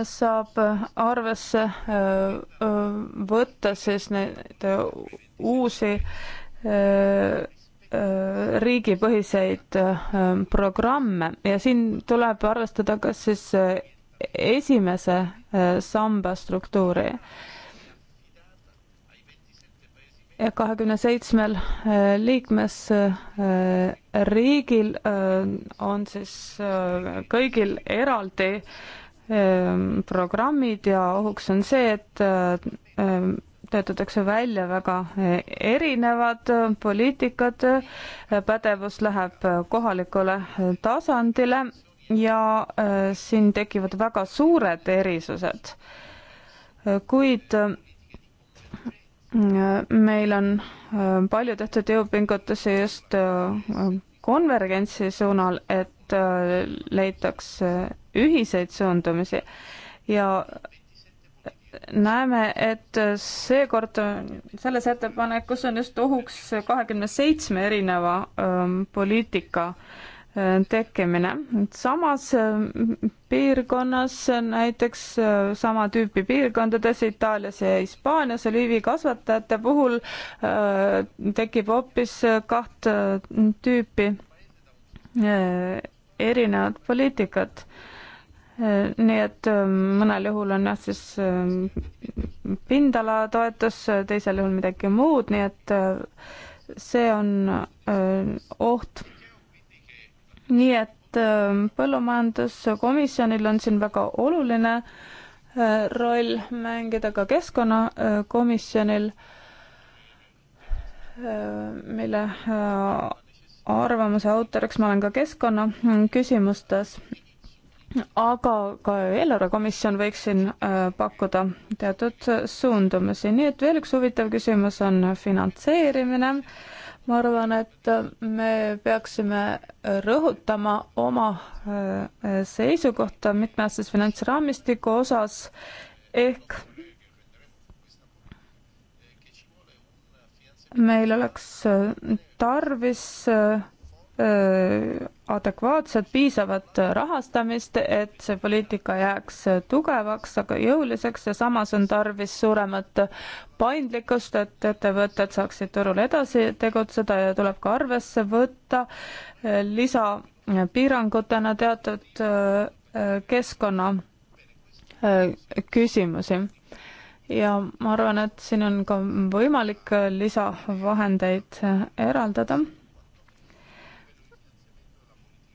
saab arvesse äh, äh, võtta siis neid äh, uusi riigipõhiseid programme ja siin tuleb arvestada kas siis esimese samba struktuuri kahekümne seitsmel liikmesriigil on siis kõigil eraldi Ehm, programmid ja ohuks on see, et ehm, töötatakse välja väga eh, erinevad eh, poliitikad, eh, pädevus läheb kohalikule tasandile ja siin tekivad väga suured erisused. kuid meil on palju tehtud jõupingutusi just konvergentsi suunal, et leitaks ühiseid suundumisi ja näeme, et seekord selles ettepanekus on just ohuks kahekümne seitsme erineva ähm, poliitika äh, tekkimine. samas ähm, piirkonnas, näiteks äh, sama tüüpi piirkondades Itaalias ja Hispaanias oliivikasvatajate puhul äh, tekib hoopis kaht tüüpi erinevat poliitikat nii et ähm, mõnel juhul on jah, siis ähm, pindalatoetus, teisel juhul midagi muud, nii et äh, see on äh, oht. nii et ähm, põllumajanduskomisjonil on siin väga oluline äh, roll mängida ka keskkonnakomisjonil, mille arvamuse autoriks ma olen ka keskkonnaküsimustes aga ka eelarvekomisjon võiks siin äh, pakkuda teatud äh, suundumusi, nii et veel üks huvitav küsimus on finantseerimine. ma arvan, et äh, me peaksime rõhutama oma seisukohta mitmeaastase finantsraamistiku osas ehk meil oleks tarvis adekvaatset, piisavat rahastamist, et see poliitika jääks tugevaks, aga jõuliseks ja samas on tarvis suuremat paindlikkust, et ettevõtted saaksid turul edasi tegutseda ja tuleb ka arvesse võtta lisapiirangutena teatud keskkonna küsimusi ja ma arvan, et siin on ka võimalik äh, lisavahendeid äh, eraldada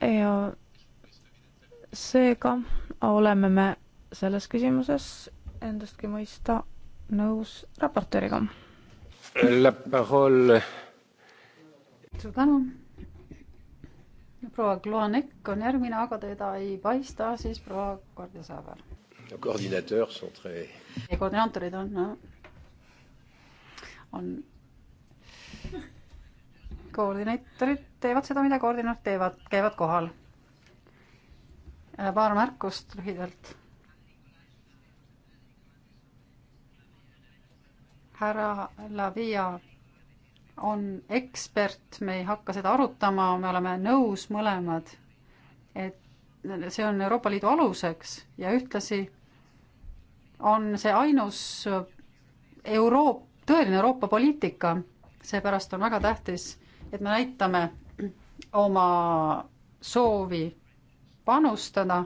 ja seega oleme me selles küsimuses endastki mõista nõus raportööriga. suur tänu. proua Kloanek on järgmine, aga teda ei paista, siis proua Kordi Saaber. koordinaatorid on, on koordinaatorid teevad seda, mida koordinaatorid teevad, käivad kohal. Äh, paar märkust lühidalt. härra Lavia on ekspert, me ei hakka seda arutama, me oleme nõus mõlemad, et see on Euroopa Liidu aluseks ja ühtlasi on see ainus Euroop-, tõeline Euroopa poliitika, seepärast on väga tähtis et me näitame oma soovi panustada.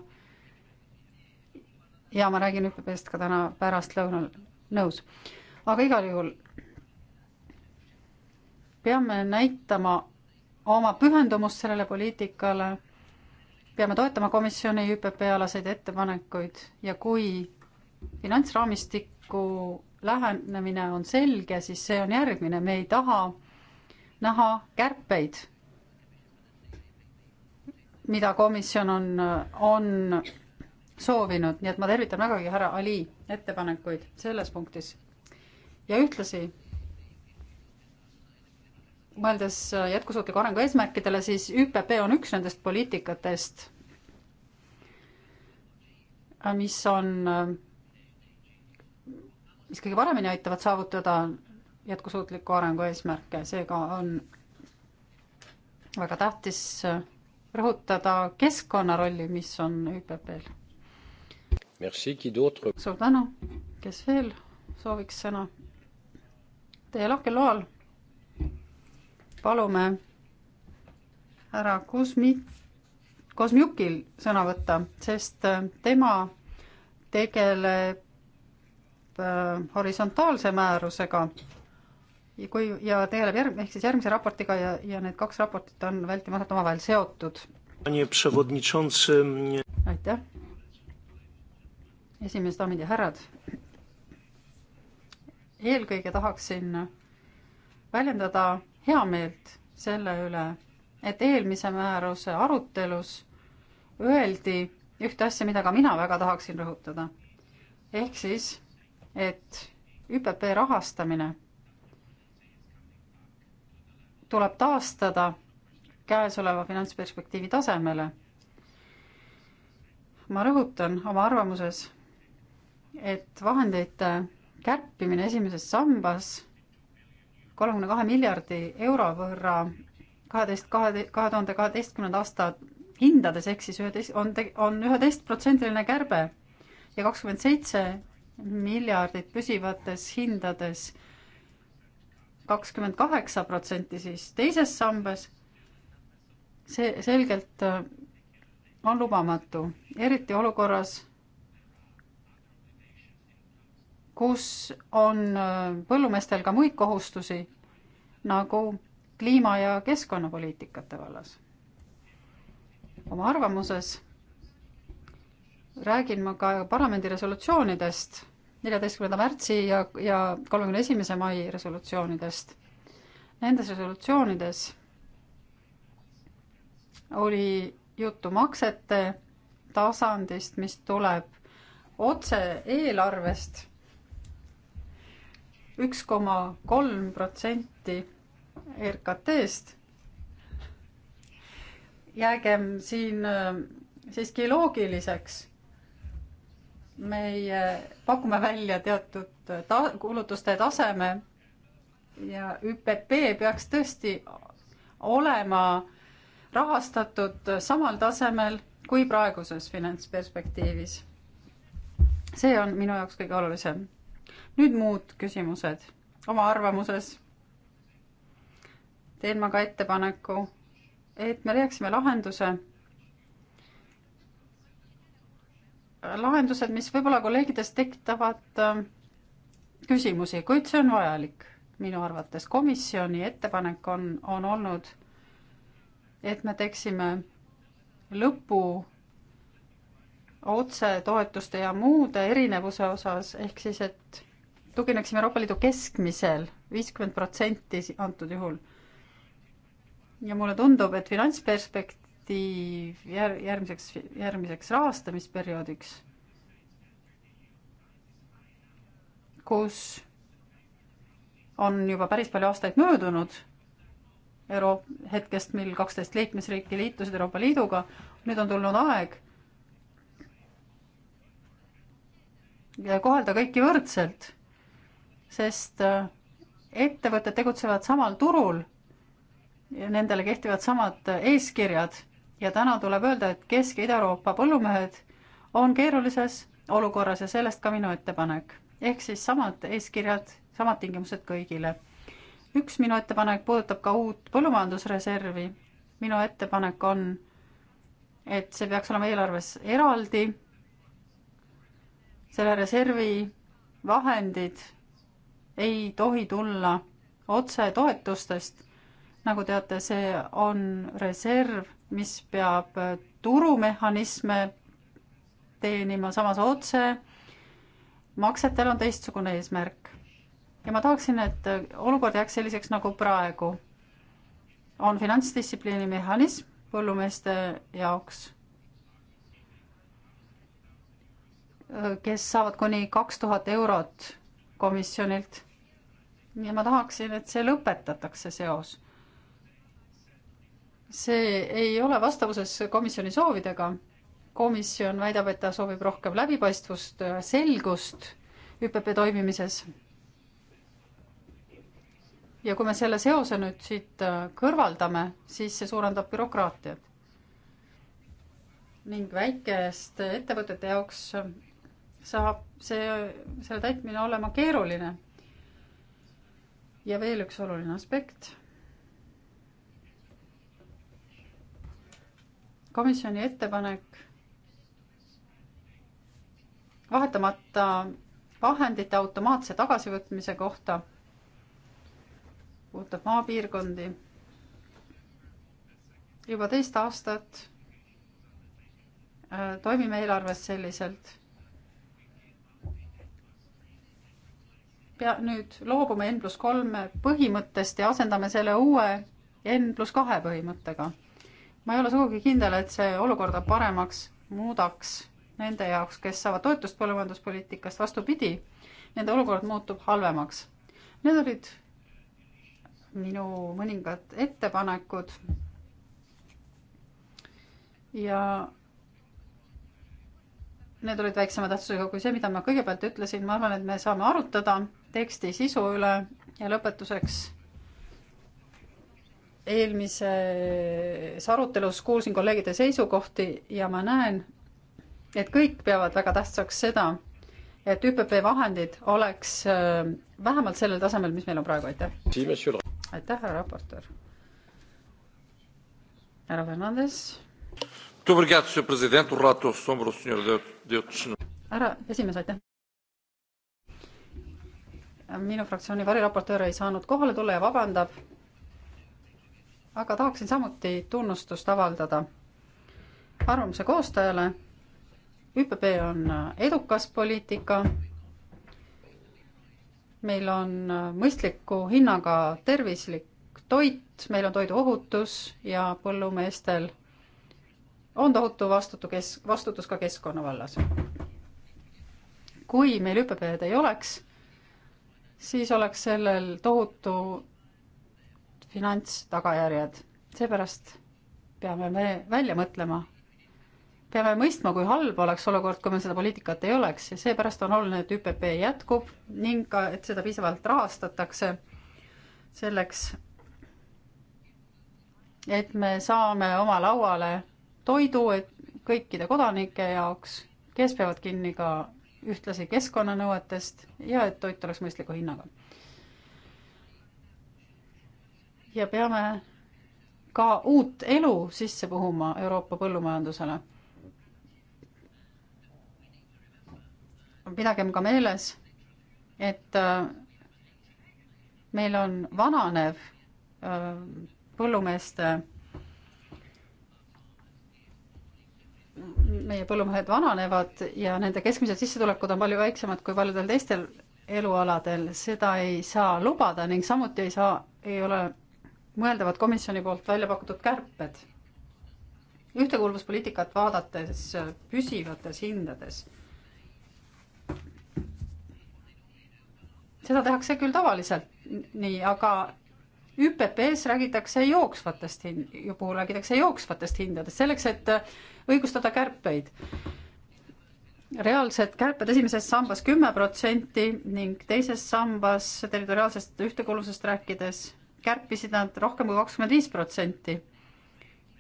ja ma räägin ÜPP-st ka täna pärastlõunal, nõus. aga igal juhul peame näitama oma pühendumust sellele poliitikale, peame toetama komisjoni ÜPP-alaseid ettepanekuid ja kui finantsraamistiku lähenemine on selge, siis see on järgmine, me ei taha näha kärpeid, mida komisjon on, on soovinud, nii et ma tervitan vägagi härra Ali ettepanekuid selles punktis. ja ühtlasi mõeldes jätkusuutliku arengu eesmärkidele, siis ÜPP on üks nendest poliitikatest, mis on, mis kõige paremini aitavad saavutada jätkusuutliku arengu eesmärke, seega on väga tähtis äh, rõhutada keskkonna rolli, mis on ÜPP-l. suur tänu, kes veel sooviks sõna? Teie lahkel loal palume härra Kuzmi-, Kozmjukil sõna võtta, sest äh, tema tegeleb äh, horisontaalse määrusega ja kui, ja tegeleb järg-, ehk siis järgmise raportiga ja, ja need kaks raportit on vältimatult omavahel seotud. aitäh. esimees, daamid ja härrad. eelkõige tahaksin väljendada heameelt selle üle, et eelmise määruse arutelus öeldi ühte asja, mida ka mina väga tahaksin rõhutada. ehk siis, et ÜPP rahastamine tuleb taastada käesoleva finantsperspektiivi tasemele. ma rõhutan oma arvamuses, et vahendite kärpimine esimeses sambas kolmekümne kahe miljardi euro võrra kaheteist, kahe, kahe tuhande kaheteistkümnenda aasta hindades ehk siis üheteist, on, on üheteistprotsendiline kärbe ja kakskümmend seitse miljardit püsivates hindades kakskümmend kaheksa protsenti siis teises sambas. see selgelt äh, on lubamatu, eriti olukorras, kus on äh, põllumeestel ka muid kohustusi nagu kliima- ja keskkonnapoliitikate vallas. oma arvamuses räägin ma ka parlamendi resolutsioonidest neljateistkümnenda märtsi ja, ja kolmekümne esimese mai resolutsioonidest. Nendes resolutsioonides oli juttu maksete tasandist, mis tuleb otse eelarvest üks koma kolm protsenti RKT-st. jäägem siin äh, siiski loogiliseks meie pakume välja teatud äh, ta-, kulutuste taseme ja ÜPP peaks tõesti olema rahastatud samal tasemel kui praeguses finantsperspektiivis. see on minu jaoks kõige olulisem. nüüd muud küsimused. oma arvamuses teen ma ka ettepaneku, et me leiaksime lahenduse lahendused, mis võib-olla kolleegides tekitavad äh, küsimusi, kuid see on vajalik minu arvates. komisjoni ettepanek on, on olnud, et me teeksime lõpu otsetoetuste ja muude erinevuse osas, ehk siis, et tugineksime Euroopa Liidu keskmisel viiskümmend protsenti antud juhul. ja mulle tundub, et finantsperspekt-, projekti jär-, järgmiseks, järgmiseks rahastamisperioodiks, kus on juba päris palju aastaid möödunud euro-, hetkest, mil kaksteist liikmesriiki liitusid Euroopa Liiduga, nüüd on tulnud aeg kohelda kõiki võrdselt, sest äh, ettevõtted tegutsevad samal turul ja nendele kehtivad samad eeskirjad ja täna tuleb öelda, et Kesk- ja Ida-Euroopa põllumehed on keerulises olukorras ja sellest ka minu ettepanek. ehk siis samad eeskirjad, samad tingimused kõigile. üks minu ettepanek puudutab ka uut põllumajandusreservi. minu ettepanek on, et see peaks olema eelarves eraldi. selle reservi vahendid ei tohi tulla otse toetustest. nagu teate, see on reserv mis peab äh, turumehhanisme teenima, samas otse maksetel on teistsugune eesmärk. ja ma tahaksin, et äh, olukord jääks selliseks, nagu praegu. on finantsdistsipliini mehhanism põllumeeste jaoks, äh, kes saavad kuni kaks tuhat eurot komisjonilt. ja ma tahaksin, et see lõpetatakse, seos see ei ole vastavuses komisjoni soovidega. komisjon väidab, et ta soovib rohkem läbipaistvust, selgust ÜPP toimimises. ja kui me selle seose nüüd siit äh, kõrvaldame, siis see suurendab bürokraatiat. ning väikeste ettevõtete jaoks saab see, selle täitmine olema keeruline. ja veel üks oluline aspekt komisjoni ettepanek vahetamata vahendite automaatse tagasivõtmise kohta puudutab maapiirkondi. juba teist aastat äh, toimime eelarves selliselt. pea, nüüd loobume N pluss kolme põhimõttest ja asendame selle uue N pluss kahe põhimõttega ma ei ole sugugi kindel, et see olukorda paremaks muudaks nende jaoks, kes saavad toetust põllumajanduspoliitikast, vastupidi, nende olukord muutub halvemaks. Need olid minu mõningad ettepanekud. ja need olid väiksema tähtsusega kui see, mida ma kõigepealt ütlesin, ma arvan, et me saame arutada teksti sisu üle ja lõpetuseks eelmises arutelus kuulsin kolleegide seisukohti ja ma näen, et kõik peavad väga tähtsaks seda, et ÜPP vahendid oleks äh, vähemalt sellel tasemel, mis meil on praegu, aitäh. aitäh, härra raportöör. härra Fernandes. härra esimees, aitäh. minu fraktsiooni variraportöör ei saanud kohale tulla ja vabandab aga tahaksin samuti tunnustust avaldada arvamuse koostajale. ÜPP on edukas poliitika. meil on mõistliku hinnaga tervislik toit, meil on toiduohutus ja põllumeestel on tohutu vastutu kes-, vastutus ka keskkonna vallas. kui meil ÜPP-d ei oleks, siis oleks sellel tohutu finantstagajärjed. seepärast peame me välja mõtlema, peame mõistma, kui halb oleks olukord, kui meil seda poliitikat ei oleks ja seepärast on oluline, et ÜPP jätkub ning ka, et seda piisavalt rahastatakse selleks, et me saame oma lauale toidu, et kõikide kodanike jaoks, kes peavad kinni ka ühtlasi keskkonnanõuetest ja et toit oleks mõistliku hinnaga ja peame ka uut elu sisse puhuma Euroopa põllumajandusele. pidagem ka meeles, et äh, meil on vananev äh, põllumeeste, meie põllumehed vananevad ja nende keskmised sissetulekud on palju väiksemad kui paljudel teistel elualadel, seda ei saa lubada ning samuti ei saa, ei ole mõeldavad komisjoni poolt välja pakutud kärped ühtekuuluvuspoliitikat vaadates püsivates hindades. seda tehakse küll tavaliselt nii, aga ÜPP-s räägitakse jooksvatest hin-, puhul räägitakse jooksvatest hindadest, selleks et õigustada kärpeid. reaalsed kärped esimeses sambas kümme protsenti ning teises sambas territoriaalsest ühtekuuluvusest rääkides kärpisid nad rohkem kui kakskümmend viis protsenti.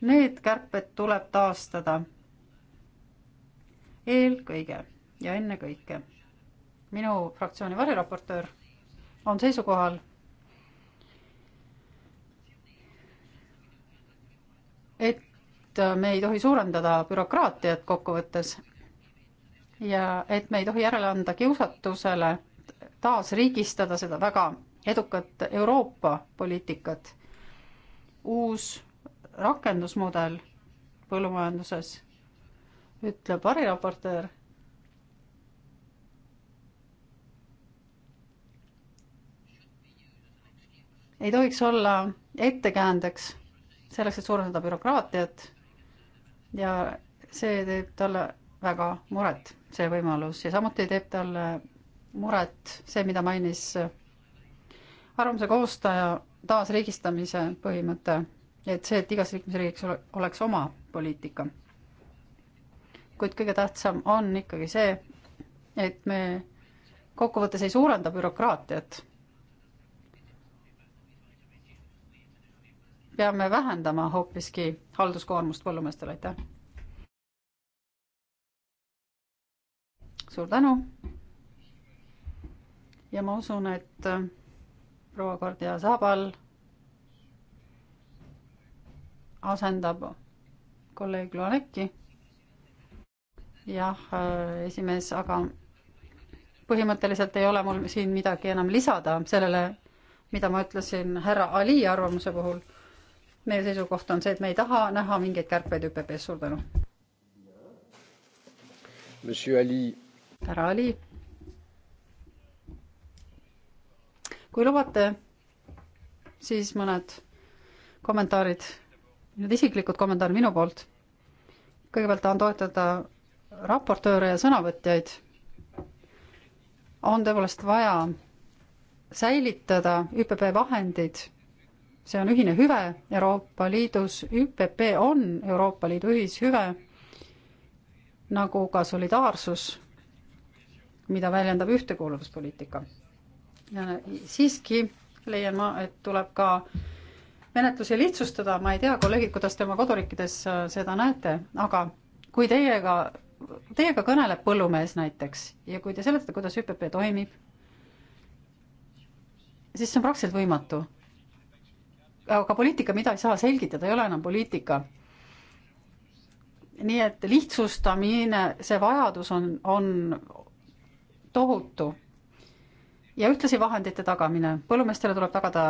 Need kärped tuleb taastada eelkõige ja ennekõike. minu fraktsiooni variraportöör on seisukohal, et me ei tohi suurendada bürokraatiat kokkuvõttes ja et me ei tohi järele anda kiusatusele taasriigistada seda väga edukat Euroopa poliitikat. uus rakendusmudel põllumajanduses, ütleb variraportöör. ei tohiks olla ettekäändeks selleks, et suurendada bürokraatiat ja see teeb talle väga muret, see võimalus ja samuti teeb talle muret see, mida mainis arvamuse koostaja taasriigistamise põhimõte, et see, et igas liikmesriigiks oleks oma poliitika. kuid kõige tähtsam on ikkagi see, et me kokkuvõttes ei suurenda bürokraatiat. peame vähendama hoopiski halduskoormust põllumeestel, aitäh. suur tänu. ja ma usun, et proua Kordia Sabal asendab kolleeg Loanekki. jah, äh, esimees, aga põhimõtteliselt ei ole mul siin midagi enam lisada sellele, mida ma ütlesin härra Ali arvamuse puhul. meie seisukoht on see, et me ei taha näha mingeid kärpeid ÜPP-s, suur tänu. härra Ali. kui lubate, siis mõned kommentaarid, need isiklikud kommentaarid minu poolt. kõigepealt tahan toetada raportööre ja sõnavõtjaid. on tõepoolest vaja säilitada ÜPP vahendid, see on ühine hüve Euroopa Liidus, ÜPP on Euroopa Liidu ühishüve, nagu ka solidaarsus, mida väljendab ühtekuuluvuspoliitika siiski leian ma, et tuleb ka menetlusi lihtsustada, ma ei tea, kolleegid, kuidas te oma koduriikides äh, seda näete, aga kui teiega, teiega kõneleb põllumees näiteks ja kui te seletate, kuidas ÜPP toimib, siis see on praktiliselt võimatu. aga poliitika, mida ei saa selgitada, ei ole enam poliitika. nii et lihtsustamine, see vajadus on, on tohutu ja ühtlasi vahendite tagamine. põllumeestele tuleb tagada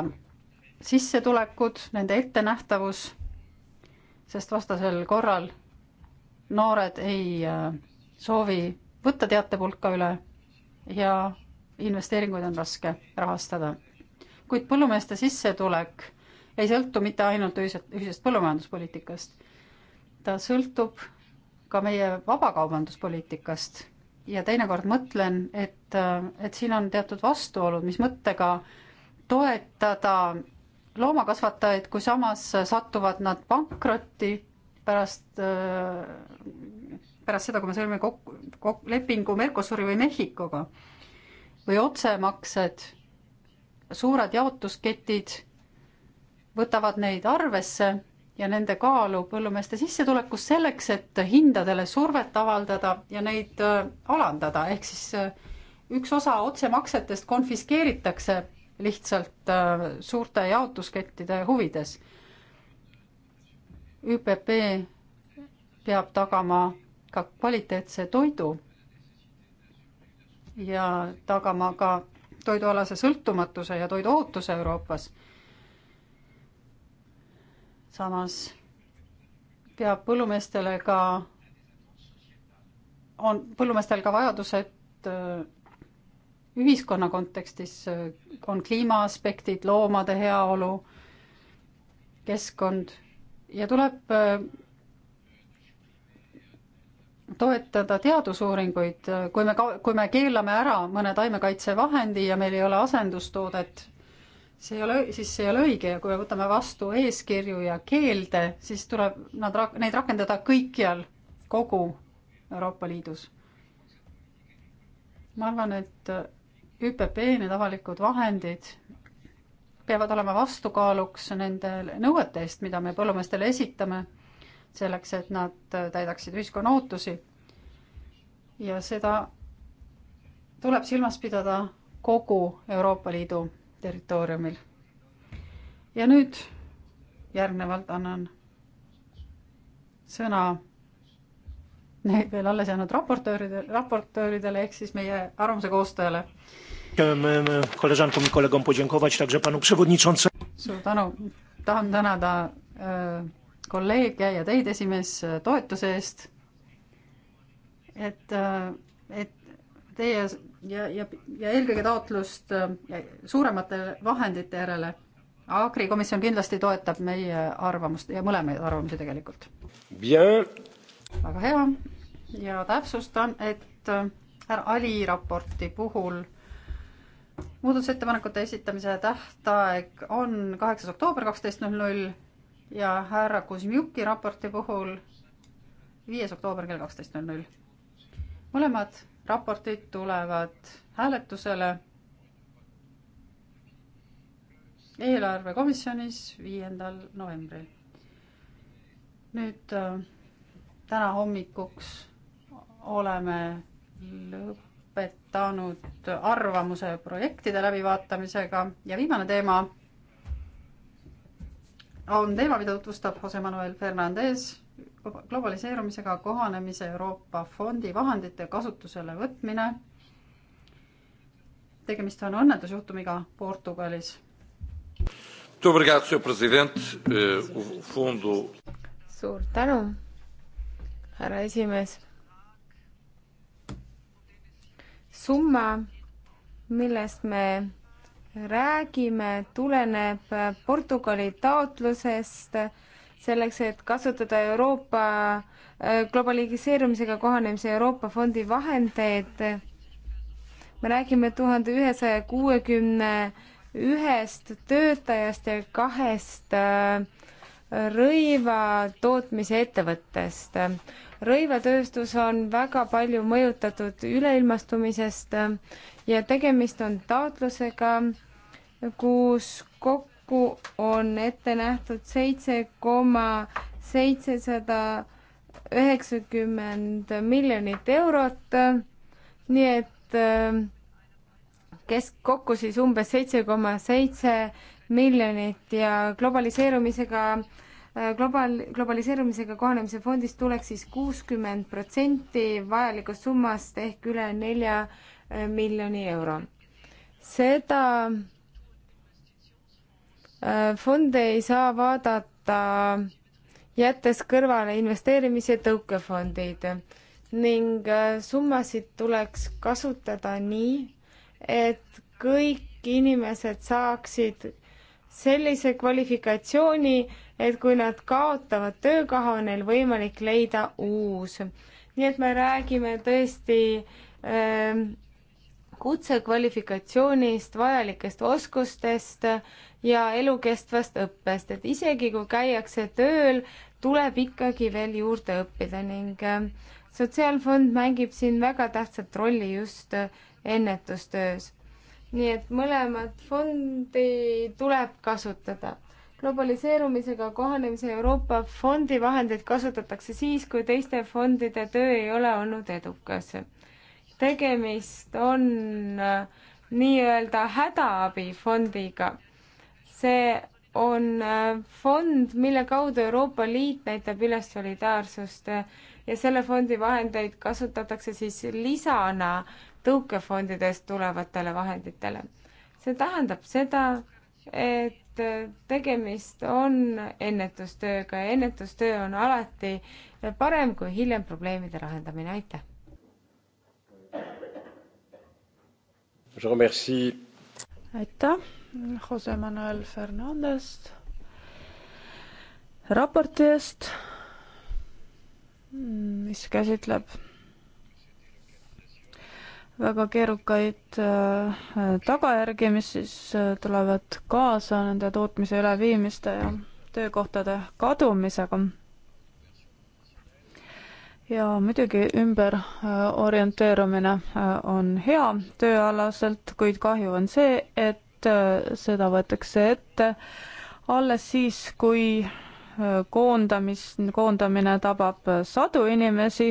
sissetulekud, nende ettenähtavus, sest vastasel korral noored ei äh, soovi võtta teatepulka üle ja investeeringuid on raske rahastada. kuid põllumeeste sissetulek ei sõltu mitte ainult ühisest, ühisest põllumajanduspoliitikast, ta sõltub ka meie vabakaubanduspoliitikast ja teinekord mõtlen, et, et siin on teatud vastuolud, mis mõttega toetada loomakasvatajaid, kui samas satuvad nad pankrotti pärast, pärast seda, kui me sõlmime kokku kok,, lepingu Mercosuri või Mehhikoga või otsemaksed, suured jaotusketid võtavad neid arvesse ja nende kaalu põllumeeste sissetulekus selleks, et hindadele survet avaldada ja neid äh, alandada, ehk siis äh, üks osa otsemaksetest konfiskeeritakse lihtsalt äh, suurte jaotuskettide huvides. ÜPP peab tagama ka kvaliteetse toidu ja tagama ka toidualase sõltumatuse ja toiduohutuse Euroopas samas peab põllumeestele ka, on põllumeestel ka vajadused äh, ühiskonna kontekstis, äh, on kliimaaspektid, loomade heaolu, keskkond ja tuleb äh, toetada teadusuuringuid, kui me ka, kui me keelame ära mõne taimekaitsevahendi ja meil ei ole asendustoodet, see ei ole, siis see ei ole õige ja kui me võtame vastu eeskirju ja keelde, siis tuleb nad, neid rakendada kõikjal kogu Euroopa Liidus. ma arvan, et ÜPP, need avalikud vahendid peavad olema vastukaaluks nende nõuete eest, mida me põllumeestele esitame, selleks et nad täidaksid ühiskonna ootusi. ja seda tuleb silmas pidada kogu Euroopa Liidu territooriumil. ja nüüd järgnevalt annan sõna need veel alles jäänud raportööride, raportööridele ehk siis meie arvamuse koostajale. suur tänu, tahan tänada e, kolleege ja teid, esimees, toetuse eest. et, e, et teie ja, ja, ja eelkõige taotlust äh, suuremate vahendite järele. Agri komisjon kindlasti toetab meie arvamust ja mõlemaid arvamusi tegelikult. väga hea ja täpsustan, et äh, härra Ali raporti puhul muudatusettepanekute esitamise tähtaeg on kaheksas oktoober kaksteist null null ja härra Kuzmjuki raporti puhul viies oktoober kell kaksteist null null. mõlemad raportid tulevad hääletusele eelarvekomisjonis viiendal novembril. nüüd äh, täna hommikuks oleme lõpetanud arvamuse projektide läbivaatamisega ja viimane teema on teema, mida tutvustab Jose Manuel Fernandez globaliseerumisega kohanemise Euroopa Fondi vahendite kasutusele võtmine. tegemist on õnnetusjuhtumiga Portugalis. Eh, suur tänu, härra esimees. summa, millest me räägime, tuleneb Portugali taotlusest selleks, et kasutada Euroopa äh, globaliseerumisega kohanemise Euroopa Fondi vahendeid. me räägime tuhande ühesaja kuuekümne ühest töötajast ja kahest äh, rõivatootmise ettevõttest. rõivatööstus on väga palju mõjutatud üleilmastumisest äh, ja tegemist on taotlusega, kus kokku kokku on ette nähtud seitse koma seitsesada üheksakümmend miljonit eurot, nii et ähm, kes kokku siis umbes seitse koma seitse miljonit ja globaliseerumisega äh, global, globaliseerumisega kohanemise fondist tuleks siis kuuskümmend protsenti vajalikust summast ehk üle nelja äh, miljoni euro. seda Äh, fonde ei saa vaadata jättes kõrvale investeerimis- ja tõukefondid ning äh, summasid tuleks kasutada nii, et kõik inimesed saaksid sellise kvalifikatsiooni, et kui nad kaotavad töökoha, on neil võimalik leida uus. nii et me räägime tõesti öö, ähm, kutsekvalifikatsioonist, vajalikest oskustest ja elukestvast õppest, et isegi kui käiakse tööl, tuleb ikkagi veel juurde õppida ning äh, sotsiaalfond mängib siin väga tähtsat rolli just äh, ennetustöös. nii et mõlemat fondi tuleb kasutada. globaliseerumisega kohanemise Euroopa Fondi vahendeid kasutatakse siis, kui teiste fondide töö ei ole olnud edukas. tegemist on äh, nii-öelda hädaabifondiga see on äh, fond, mille kaudu Euroopa Liit näitab üles solidaarsust äh, ja selle fondi vahendeid kasutatakse siis lisana tõukefondidest tulevatele vahenditele. see tähendab seda, et äh, tegemist on ennetustööga ja ennetustöö on alati parem kui hiljem probleemide lahendamine, aitäh! aitäh! Jose Manuel Fernandest raporti eest, mis käsitleb väga keerukaid äh, tagajärgi, mis siis äh, tulevad kaasa nende tootmise üleviimiste ja töökohtade kadumisega. ja muidugi ümberorienteerumine äh, on hea tööalaselt, kuid kahju on see, et et äh, seda võetakse ette alles siis, kui äh, koondamis, koondamine tabab äh, sadu inimesi,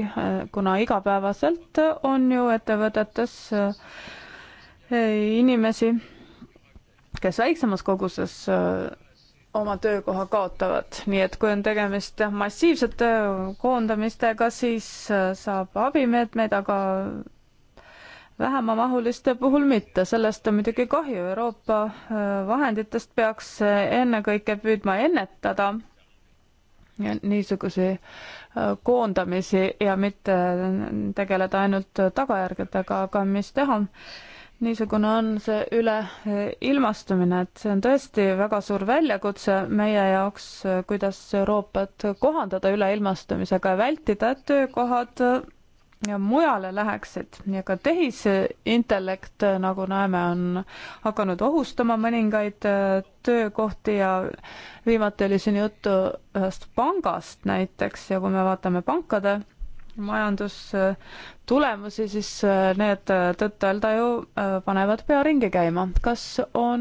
kuna igapäevaselt on ju ettevõtetes inimesi, kes väiksemas koguses oma töökoha kaotavad, nii et kui on tegemist massiivsete koondamistega, siis saab abimeetmeid, aga vähemamahuliste puhul mitte, sellest on muidugi kahju, Euroopa äh, vahenditest peaks äh, ennekõike püüdma ennetada niisuguseid äh, koondamisi ja mitte tegeleda ainult tagajärgedega, aga mis teha, niisugune on see üleilmastumine, et see on tõesti väga suur väljakutse meie jaoks, kuidas Euroopat kohandada üleilmastumisega ja vältida, et töökohad mujale läheksid ja ka tehisintellekt, äh, nagu näeme, on hakanud ohustama mõningaid äh, töökohti ja viimati oli siin juttu ühest pangast näiteks ja kui me vaatame pankade majandustulemusi, siis äh, need tõtt-öelda ju panevad pea ringi käima. kas on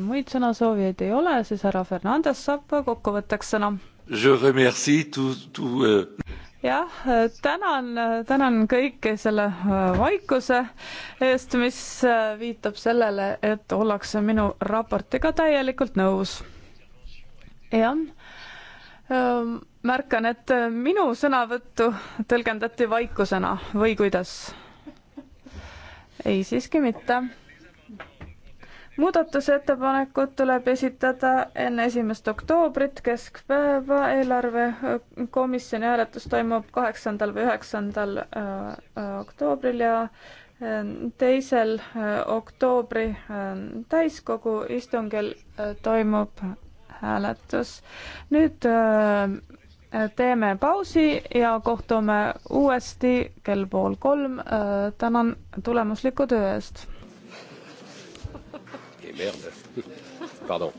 muid sõnasoovijaid, ei ole, siis härra Fernandes saab kokkuvõtteks sõna jah, tänan, tänan kõiki selle äh, vaikuse eest, mis äh, viitab sellele, et ollakse minu raportiga täielikult nõus. jah, ähm, märkan, et äh, minu sõnavõttu tõlgendati vaikusena või kuidas? ei, siiski mitte muudatusettepanekud tuleb esitada enne esimest oktoobrit keskpäeva, eelarvekomisjoni äh, hääletus toimub kaheksandal või üheksandal äh, äh, oktoobril ja teisel oktoobri täiskogu istungil toimub hääletus. nüüd teeme pausi ja kohtume uuesti kell pool kolm. tänan tulemusliku töö eest merde. Pardon.